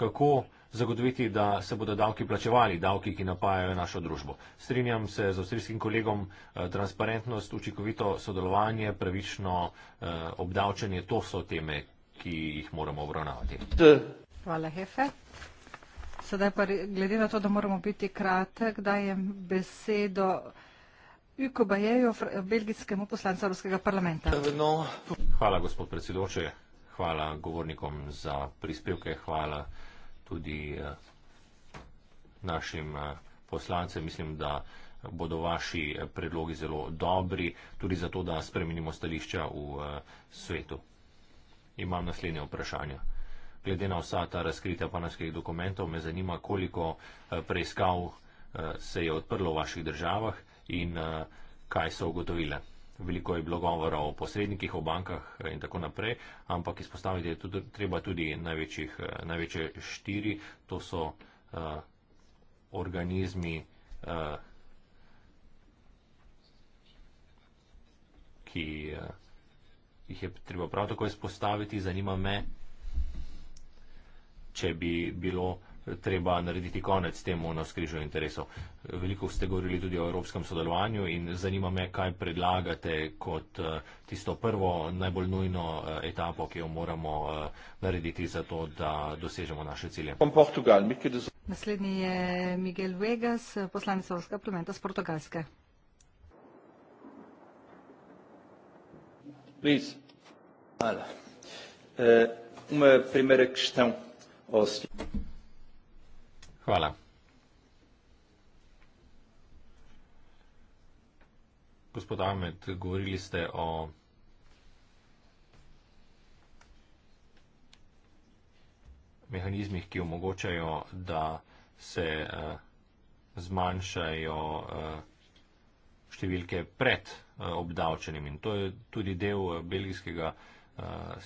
kako zagotoviti, da se bodo davki plačevali, davki, ki napajajo našo družbo. Strinjam se z avstrijskim kolegom, eh, transparentnost, učinkovito sodelovanje, pravično eh, obdavčenje, to so teme, ki jih moramo obravnavati. Hvala, Hefe. Sedaj pa glede na to, da moramo biti kratek, dajem besedo Juko Bajeju, belgijskemu poslancu Evropskega parlamenta. Hvala, gospod predsedoče. Hvala govornikom za prispevke. Hvala tudi eh, našim eh, poslancem. Mislim, da bodo vaši eh, predlogi zelo dobri, tudi zato, da spremenimo stališča v svetu. Imam naslednje vprašanje. Glede na vsa ta razkritja panamskih dokumentov, me zanima, koliko preiskav se je odprlo v vaših državah in kaj so ugotovile. Veliko je bilo govora o posrednikih, o bankah eh, in tako naprej, ampak izpostaviti je tudi, treba tudi največjih, eh, največje štiri, to so uh, organizmi, uh, ki uh, jih je treba prav tako izpostaviti. Zanima me, če bi bilo treba narediti konec temu na skrižju interesov. Veliko ste govorili tudi o evropskem sodelovanju in zanima me, kaj predlagate kot eh, tisto prvo najbolj nujno eh, etapo, ki jo moramo eh, narediti za to, da dosežemo naše cilje. Naslednji je Miguel Vegas, poslanec Evropskega parlamenta z Portugalske. Hvala. Uh, uma primeira questão. Oh, Hvala. Gospod Ahmed, govorili ste o mehanizmih, ki omogočajo, da se uh, zmanjšajo uh, številke pred uh, eh, obdavčenim. In to je tudi del belgijskega uh,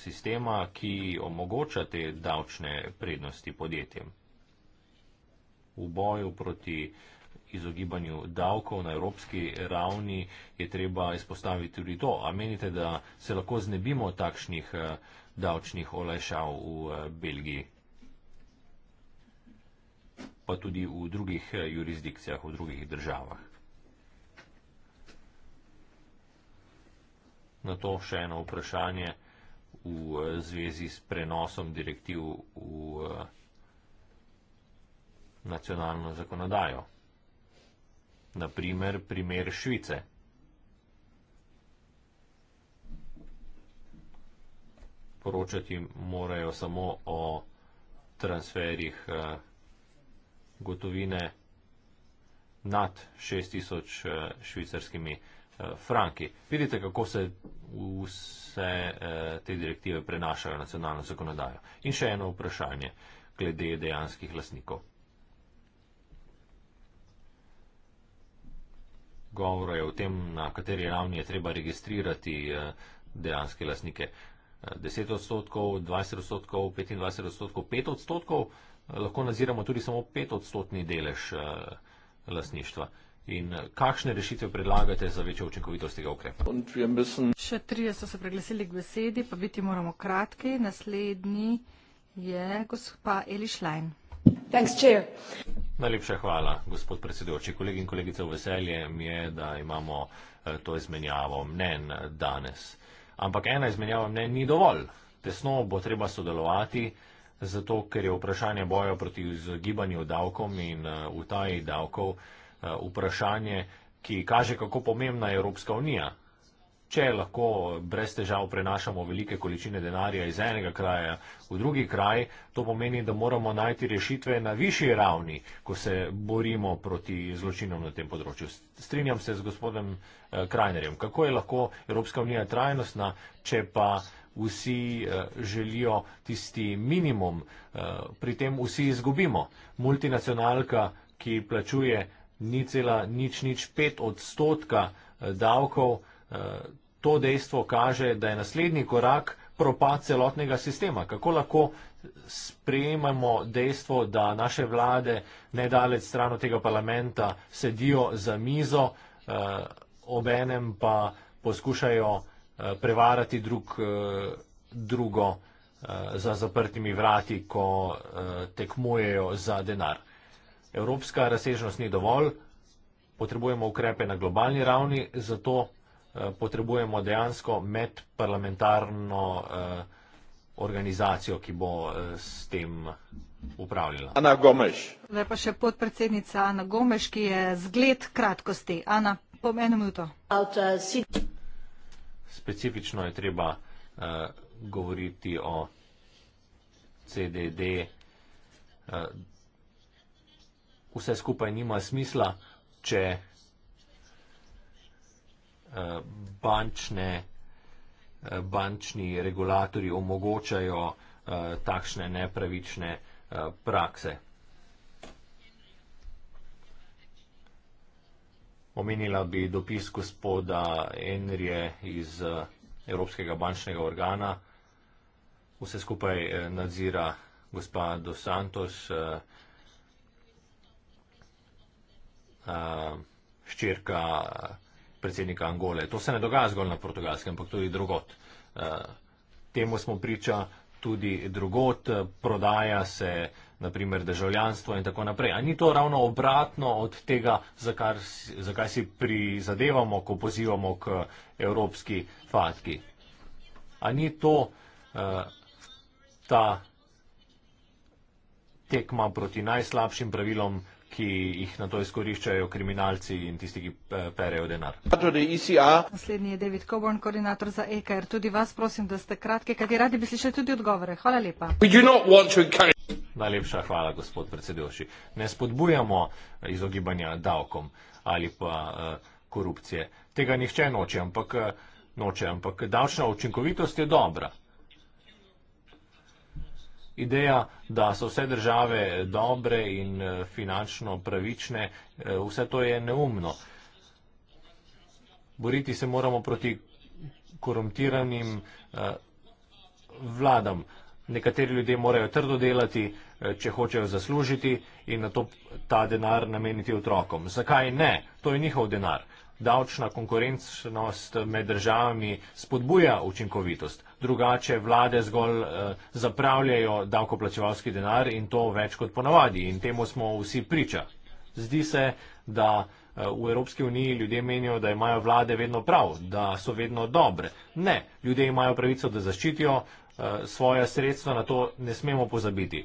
sistema, ki omogoča te davčne prednosti podjetjem v boju proti izogibanju davkov na evropski ravni, je treba izpostaviti tudi to. A menite, da se lahko znebimo takšnih eh, davčnih olajšav v eh, Belgiji? pa tudi v drugih eh, jurisdikcijah, v drugih državah. Na to še eno vprašanje v zvezi s prenosom direktiv v nacionalno zakonodajo. Naprimer primer Švice. Poročati morajo samo o transferjih eh, gotovine nad 6000 eh, švicarskimi eh, franki. Vidite, kako se vse te direktive prenašajo v nacionalno zakonodajo. In še eno vprašanje glede dejanskih lasnikov. govora je o tem, na kateri ravni je treba registrirati eh, dejanske lasnike. 10 eh, odstotkov, 20 odstotkov, 25 odstotkov, 5 odstotkov, eh, lahko naziramo tudi samo 5 odstotni delež lasništva. In kakšne rešitve predlagate za večjo učinkovitost tega ukrepa? Še trije so se preglasili k besedi, pa biti moramo kratki. Naslednji je gospa Eli Šlajn. Thanks, Najlepša hvala, gospod predsedujoči. Kolegi in kolegice, veselje mi je, da imamo eh, to izmenjavo mnen danes. Ampak ena izmenjava mnen ni dovolj. Tesno bo treba sodelovati, zato ker je vprašanje boja proti izogibanju davkom in eh, utaji davkov eh, vprašanje, ki kaže, kako pomembna je Evropska unija če lahko brez težav prenašamo velike količine denarja iz enega kraja v drugi kraj, to pomeni, da moramo najti rešitve na višji ravni, ko se borimo proti zločinom na tem področju. Strinjam se z gospodem eh, Krajnerjem. Kako je lahko Evropska unija trajnostna, če pa vsi eh, želijo tisti minimum, eh, pri tem vsi izgubimo. Multinacionalka, ki plačuje ni cela nič nič pet odstotka davkov, to dejstvo kaže, da je naslednji korak propad celotnega sistema. Kako lahko sprejemamo dejstvo, da naše vlade nedalec strano tega parlamenta sedijo za mizo, eh, obenem pa poskušajo eh, prevarati drug, eh, drugo eh, za zaprtimi vrati, ko eh, tekmujejo za denar. Evropska razsežnost ni dovolj, potrebujemo ukrepe na globalni ravni, zato Eh, potrebujemo dejansko medparlamentarno eh, organizacijo, ki bo eh, s tem upravljala. Ana Gomeš. Zdaj pa še podpredsednica Ana Gomeš, ki je zgled kratkosti. Ana, po eno minuto. Specifično je treba uh, govoriti o CDD. Uh, vse skupaj nima smisla, če bančne, bančni regulatori omogočajo eh, takšne nepravične eh, prakse. Omenila bi dopis gospoda Enrije iz eh, Evropskega bančnega organa. Vse skupaj nadzira gospa Dos Santos, ščirka predsednika Angole. To se ne dogaja zgolj na portugalskem, ampak tudi drugot. Eh, temu smo priča tudi drugot, prodaja se naprimer državljanstvo in tako naprej. A ni to ravno obratno od tega, zakaj za si prizadevamo, ko pozivamo k evropski fatki? A ni to uh, ta tekma proti najslabšim pravilom? ki jih na to izkoriščajo kriminalci in tisti, ki eh, perejo denar. Naslednji je David Coburn, koordinator za EKR. Tudi vas prosim, da ste kratki, kajti radi bi slišali tudi odgovore. Hvala lepa. Najlepša hvala, gospod predsedujoči. Ne spodbujamo eh, izogibanja davkom ali pa uh, korupcije. Tega nihče noče, ampak, noče, ampak davčna učinkovitost je dobra ideja, da so vse države dobre in eh, finančno pravične, eh, vse to je neumno. Boriti se moramo proti korumpiranim eh, vladam. Nekateri ljudje morajo trdo delati, če hočejo zaslužiti in na to ta denar nameniti otrokom. Zakaj ne? To je njihov denar. Davčna konkurenčnost med državami spodbuja učinkovitost drugače vlade zgolj eh, zapravljajo davkoplačevalski denar in to več kot ponavadi. In temu smo vsi priča. Zdi se, da eh, v Evropski uniji ljudje menijo, da imajo vlade vedno prav, da so vedno dobre. Ne, ljudje imajo pravico, da zaščitijo eh, svoje sredstva, na to ne smemo pozabiti.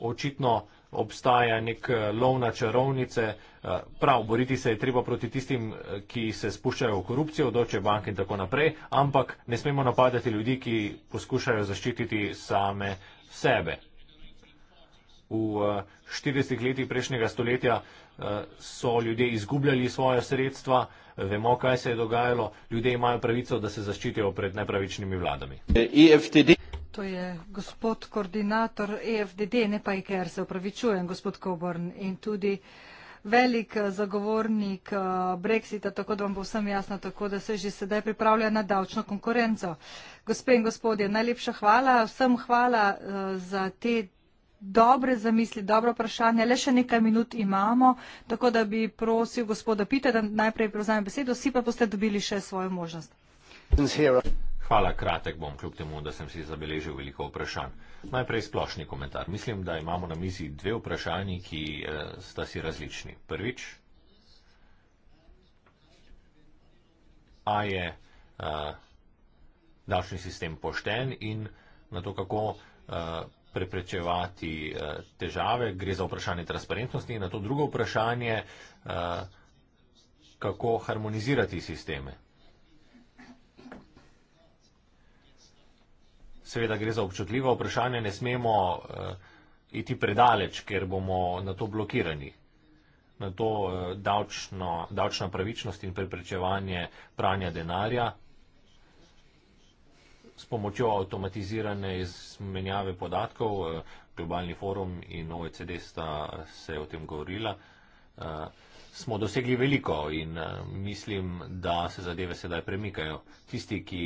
Očitno obstaja nek eh, lov na čarovnice, eh, prav, boriti se je treba proti tistim, eh, ki se spuščajo v korupcijo, doče banke in tako naprej, ampak ne smemo napadati ljudi, ki poskušajo zaščititi same sebe. V 40 letih prejšnjega stoletja so ljudje izgubljali svoje sredstva, vemo, kaj se je dogajalo, ljudje imajo pravico, da se zaščitijo pred nepravičnimi vladami. EFTD. To je gospod koordinator EFDD, ne pa IKR, se upravičujem, gospod Coburn. In tudi velik eh, zagovornik eh, Brexita, tako da vam bo vsem jasno, tako da se že sedaj pripravlja na davčno konkurenco. Gospe in gospodje, najlepša hvala, vsem hvala eh, za te dobre zamisli, dobro vprašanje. Le še nekaj minut imamo, tako da bi prosil gospoda Pita, da najprej prevzame besedo, vsi pa boste dobili še svojo možnost. Zero. Hvala, kratek bom, kljub temu, da sem si zabeležil veliko vprašanj. Najprej splošni komentar. Mislim, da imamo na mizi dve vprašanji, ki eh, sta si različni. Prvič, a je eh, davčni sistem pošten in na to, kako eh, preprečevati eh, težave, gre za vprašanje transparentnosti in na to drugo vprašanje, eh, kako harmonizirati sisteme. seveda gre za občutljivo vprašanje, ne smemo uh, iti predaleč, ker bomo na to blokirani. Na to uh, davčno, davčna pravičnost in preprečevanje pranja denarja s pomočjo avtomatizirane izmenjave podatkov, uh, globalni forum in OECD sta se o tem govorila. Uh, smo dosegli veliko in mislim, da se zadeve sedaj premikajo. Tisti, ki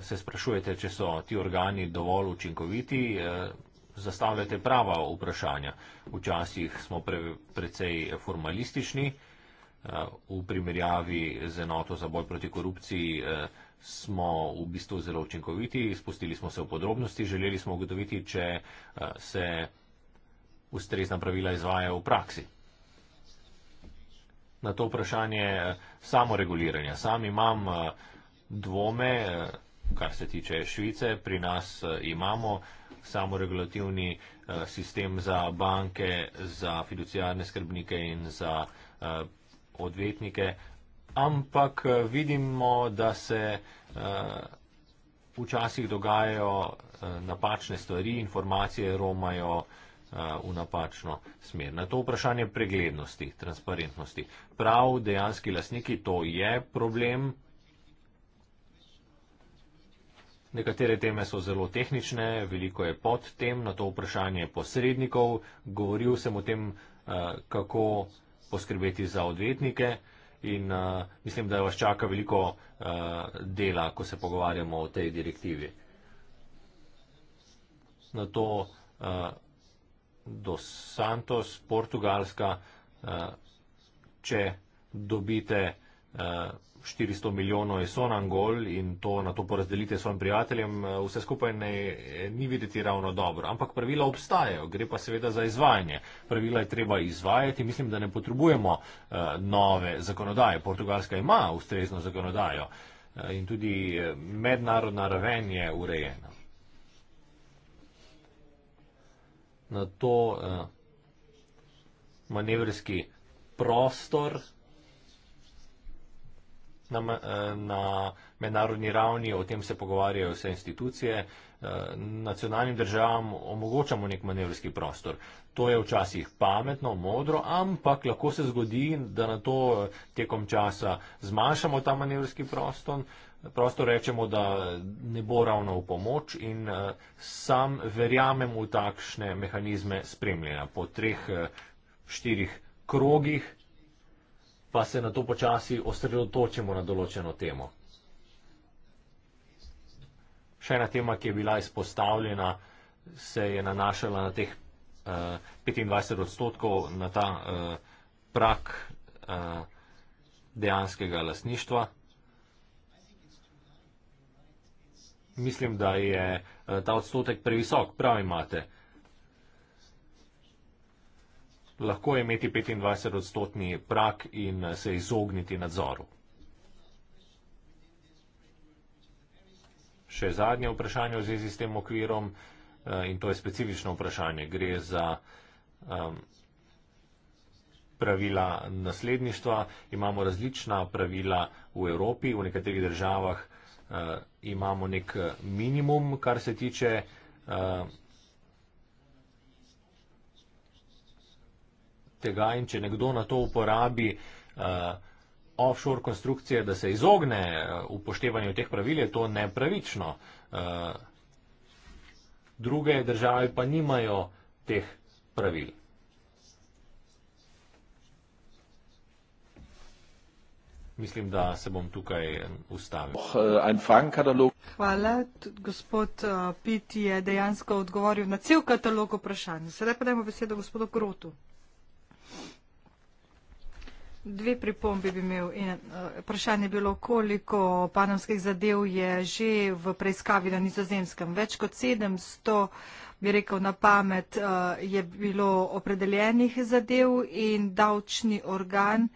se sprašujete, če so ti organi dovolj učinkoviti, eh, zastavljate prava vprašanja. Včasih smo pre, precej formalistični. Eh, v primerjavi z enoto za boj proti korupciji eh, smo v bistvu zelo učinkoviti, spustili smo se v podrobnosti, želeli smo ugotoviti, če se ustrezna pravila izvajajo v praksi. Na to vprašanje samoreguliranja. Sam imam dvome, kar se tiče Švice, pri nas eh, imamo samoregulativni eh, sistem za banke, za fiduciarne skrbnike in za eh, odvetnike, ampak vidimo, da se včasih dogajajo napačne stvari, informacije romajo v napačno smer. Na to vprašanje preglednosti, transparentnosti. Prav dejanski lasniki, to je problem, Nekatere teme so zelo tehnične, veliko je pod tem, na to vprašanje posrednikov. Govoril sem o tem, eh, kako poskrbeti za odvetnike in eh, mislim, da vas čaka veliko eh, dela, ko se pogovarjamo o tej direktivi. Na to do Santos, Portugalska, če dobite. 400 milijonov je sonangol in to na to porazdelite svojim prijateljem, eh, vse skupaj ne, ni videti ravno dobro. Ampak pravila obstajajo, gre pa seveda za izvajanje. Pravila je treba izvajati, mislim, da ne potrebujemo uh, nove zakonodaje. Portugalska ima ustrezno zakonodajo uh, in tudi mednarodna raven je urejena. Na to uh, manevrski prostor na, eh, na mednarodni ravni, o tem se pogovarjajo vse institucije, eh, nacionalnim državam omogočamo nek manevrski prostor. To je včasih pametno, modro, ampak lahko se zgodi, da na to eh, tekom časa zmanjšamo ta manevrski prostor. Prosto rečemo, da ne bo ravno v pomoč in sam verjamem v takšne mehanizme spremljanja. Po treh, štirih krogih pa se na to počasi osredotočimo na določeno temo. Še ena tema, ki je bila izpostavljena, se je nanašala na teh uh, eh, 25 odstotkov, na ta uh, eh, prak uh, eh, dejanskega lasništva. Mislim, da je uh, ta odstotek previsok, prav imate. Uh, lahko imeti 25 odstotni prak in se izogniti nadzoru. Še zadnje vprašanje v zvezi s tem okvirom eh, in to je specifično vprašanje. Gre za um, pravila nasledništva. Imamo različna pravila v Evropi, v nekaterih državah uh, imamo nek minimum, kar se tiče uh, tega in če nekdo na to uporabi uh, offshore konstrukcije, da se izogne eh, upoštevanju teh pravil, je to nepravično. Uh, druge države pa nimajo teh pravil. Mislim, da se bom tukaj ustavil. Oh, Hvala. Gospod Piti je dejansko odgovoril na cel katalog vprašanj. Sedaj pa dajmo besedo gospodu Grotu. Dve pripombi bi imel. Eh, vprašanje je bilo, koliko panamskih zadev je že v preiskavi na nizozemskem. Več kot 700, bi rekel na pamet, eh, je bilo opredeljenih zadev in davčni organ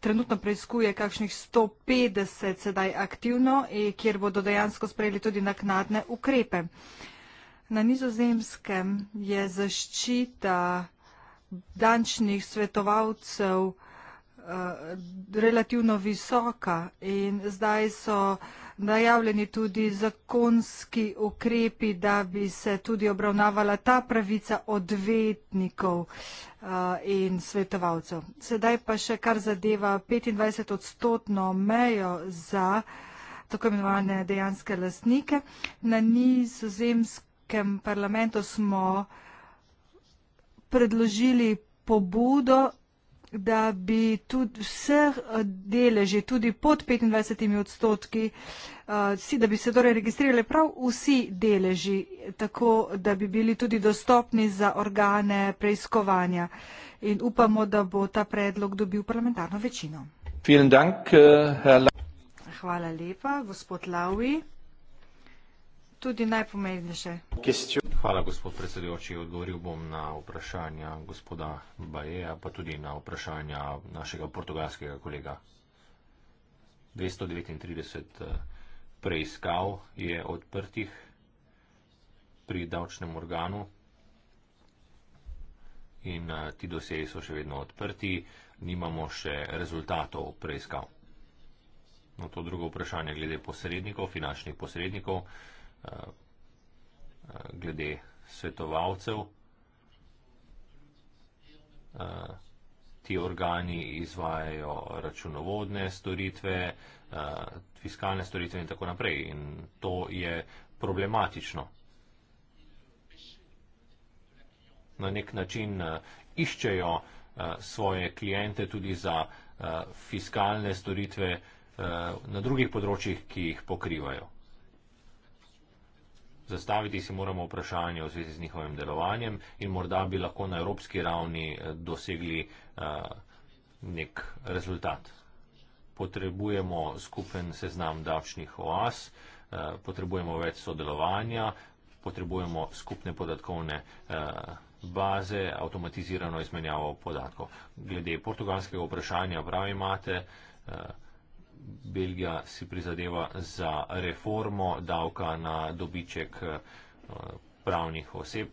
trenutno preizkuje kakšnih 150 sedaj aktivno, eh, kjer bodo dejansko sprejeli tudi naknadne ukrepe. Na nizozemskem je zaščita dančnih svetovalcev eh, relativno visoka in zdaj so najavljeni tudi zakonski ukrepi, da bi se tudi obravnavala ta pravica odvetnikov eh, in svetovalcev. Sedaj pa še kar zadeva 25 odstotno mejo za tako imenovane dejanske lastnike. Na nizozemskem parlamentu smo predložili pobudo, da bi tudi vse eh, deleže, tudi pod 25 odstotki, eh, da bi se torej registrirali prav vsi deleži, tako da bi bili tudi dostopni za organe preiskovanja. In upamo, da bo ta predlog dobil parlamentarno večino. Eh, Hvala lepa, gospod Lauvi tudi najpomembnejše. Hvala, gospod predsedujoči. Odgovoril bom na vprašanja gospoda Bajeja, pa tudi na vprašanja našega portugalskega kolega. 239 eh, preiskav je odprtih pri davčnem organu in eh, ti doseji so še vedno odprti, nimamo še rezultatov preiskav. No, to drugo vprašanje glede posrednikov, finančnih posrednikov. Eh, glede svetovalcev. Eh, ti organi izvajajo računovodne storitve, eh, fiskalne storitve in tako naprej. In to je problematično. Na nek način iščejo svoje klijente tudi za fiskalne storitve na drugih področjih, ki jih pokrivajo. Zastaviti si moramo vprašanje v zvezi z njihovim delovanjem in morda bi lahko na evropski ravni eh, dosegli uh, nek rezultat. Potrebujemo skupen seznam davčnih oas, uh, eh, potrebujemo več sodelovanja, potrebujemo skupne podatkovne uh, baze, avtomatizirano izmenjavo podatkov. Glede portugalskega vprašanja pravi imate. Uh, Belgija si prizadeva za reformo davka na dobiček eh, pravnih oseb.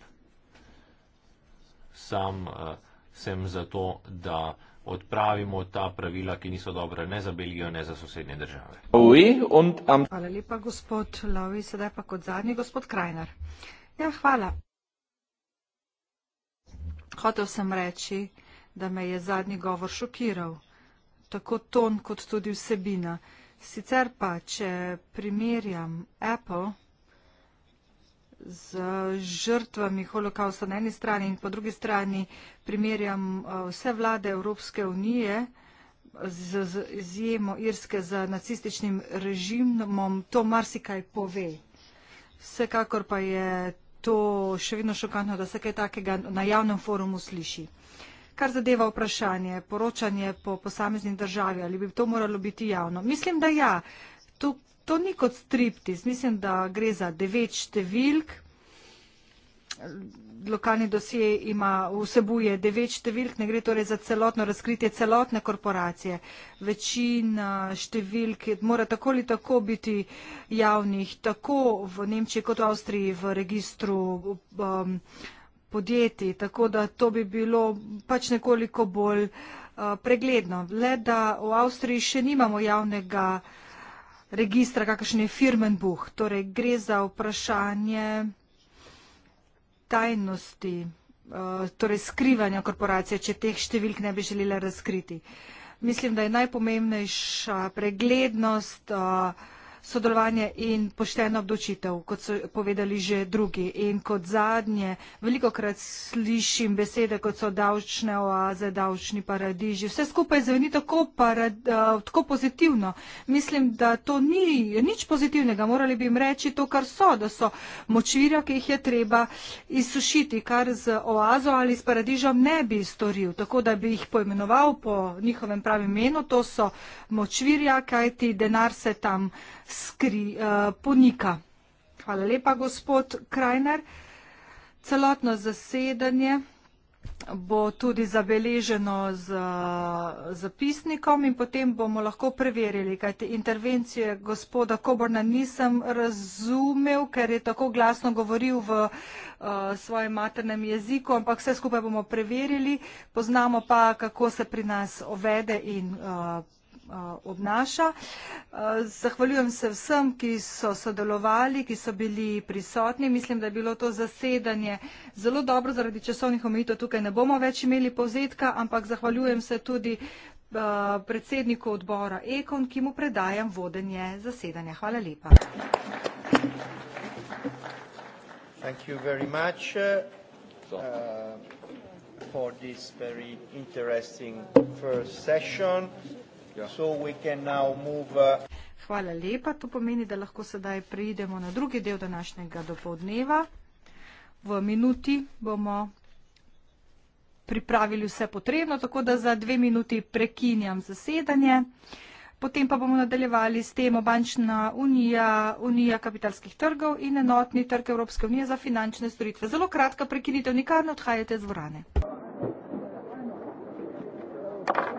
Sam eh, sem za to, da odpravimo ta pravila, ki niso dobra ne za Belgijo, ne za sosednje države. Hvala lepa, gospod Lovi. Sedaj pa kot zadnji, gospod Krajner. Ja, hvala. Hotev sem reči, da me je zadnji govor šokiral tako ton kot tudi vsebina. Sicer pa, če primerjam Apple z žrtvami holokausta na eni strani in po drugi strani primerjam eh, vse vlade Evropske unije z izjemo Irske z nacističnim režimom, to marsikaj pove. Vsekakor pa je to še vedno šokantno, da se kaj takega na javnem forumu sliši. Uh, kar zadeva vprašanje, poročanje po posamezni državi, ali bi to moralo biti javno. Mislim, da ja. To, to ni kot striptiz. Mislim, da gre za devet številk. Lokalni dosje ima, vsebuje devet številk, ne gre torej za celotno razkritje celotne korporacije. Večina številk mora tako ali tako biti javnih, tako v Nemčiji kot v Avstriji v registru. Um, podjetij, tako da to bi bilo pač nekoliko bolj eh, pregledno. Le da v Avstriji še nimamo javnega registra, kakšen je Firmenbuch, torej gre za vprašanje tajnosti, eh, torej skrivanja korporacije, če teh številk ne bi želela razkriti. Mislim, da je najpomembnejša preglednost uh, sodelovanje in pošteno obdočitev, kot so povedali že drugi. In kot zadnje, veliko krat slišim besede, kot so davčne oaze, davčni paradiži. Vse skupaj zveni tako, parad, uh, tako pozitivno. Mislim, da to ni nič pozitivnega. Morali bi jim reči to, kar so, da so močvirja, ki jih je treba izsušiti, kar z oazo ali s paradižom ne bi storil. Tako da bi jih poimenoval po njihovem pravem imenu. To so močvirja, kajti denar se tam skri, uh, eh, ponika. Hvala lepa, gospod Krajner. Celotno zasedanje bo tudi zabeleženo z zapisnikom in potem bomo lahko preverili, kajte intervencije gospoda Koborna nisem razumev, ker je tako glasno govoril v uh, svojem maternem jeziku, ampak vse skupaj bomo preverili, poznamo pa, kako se pri nas ovede in uh, obnaša. Zahvaljujem se vsem, ki so sodelovali, ki so bili prisotni. Mislim, da je bilo to zasedanje zelo dobro zaradi časovnih omejitev. Tukaj ne bomo več imeli povzetka, ampak zahvaljujem se tudi predsedniku odbora Ekon, ki mu predajam vodenje zasedanja. Hvala lepa. Thank you very much uh, uh for this very interesting first session. Ja. Uh, Hvala lepa. To pomeni, da lahko sedaj preidemo na drugi del današnjega dopoldneva. V minuti bomo pripravili vse potrebno, tako da za dve minuti prekinjam zasedanje. Potem pa bomo nadaljevali s temo Bančna unija, unija kapitalskih trgov in enotni trg Evropske unije za finančne storitve. Zelo kratka prekinitev, nikar ne odhajate z vrane. Thank you.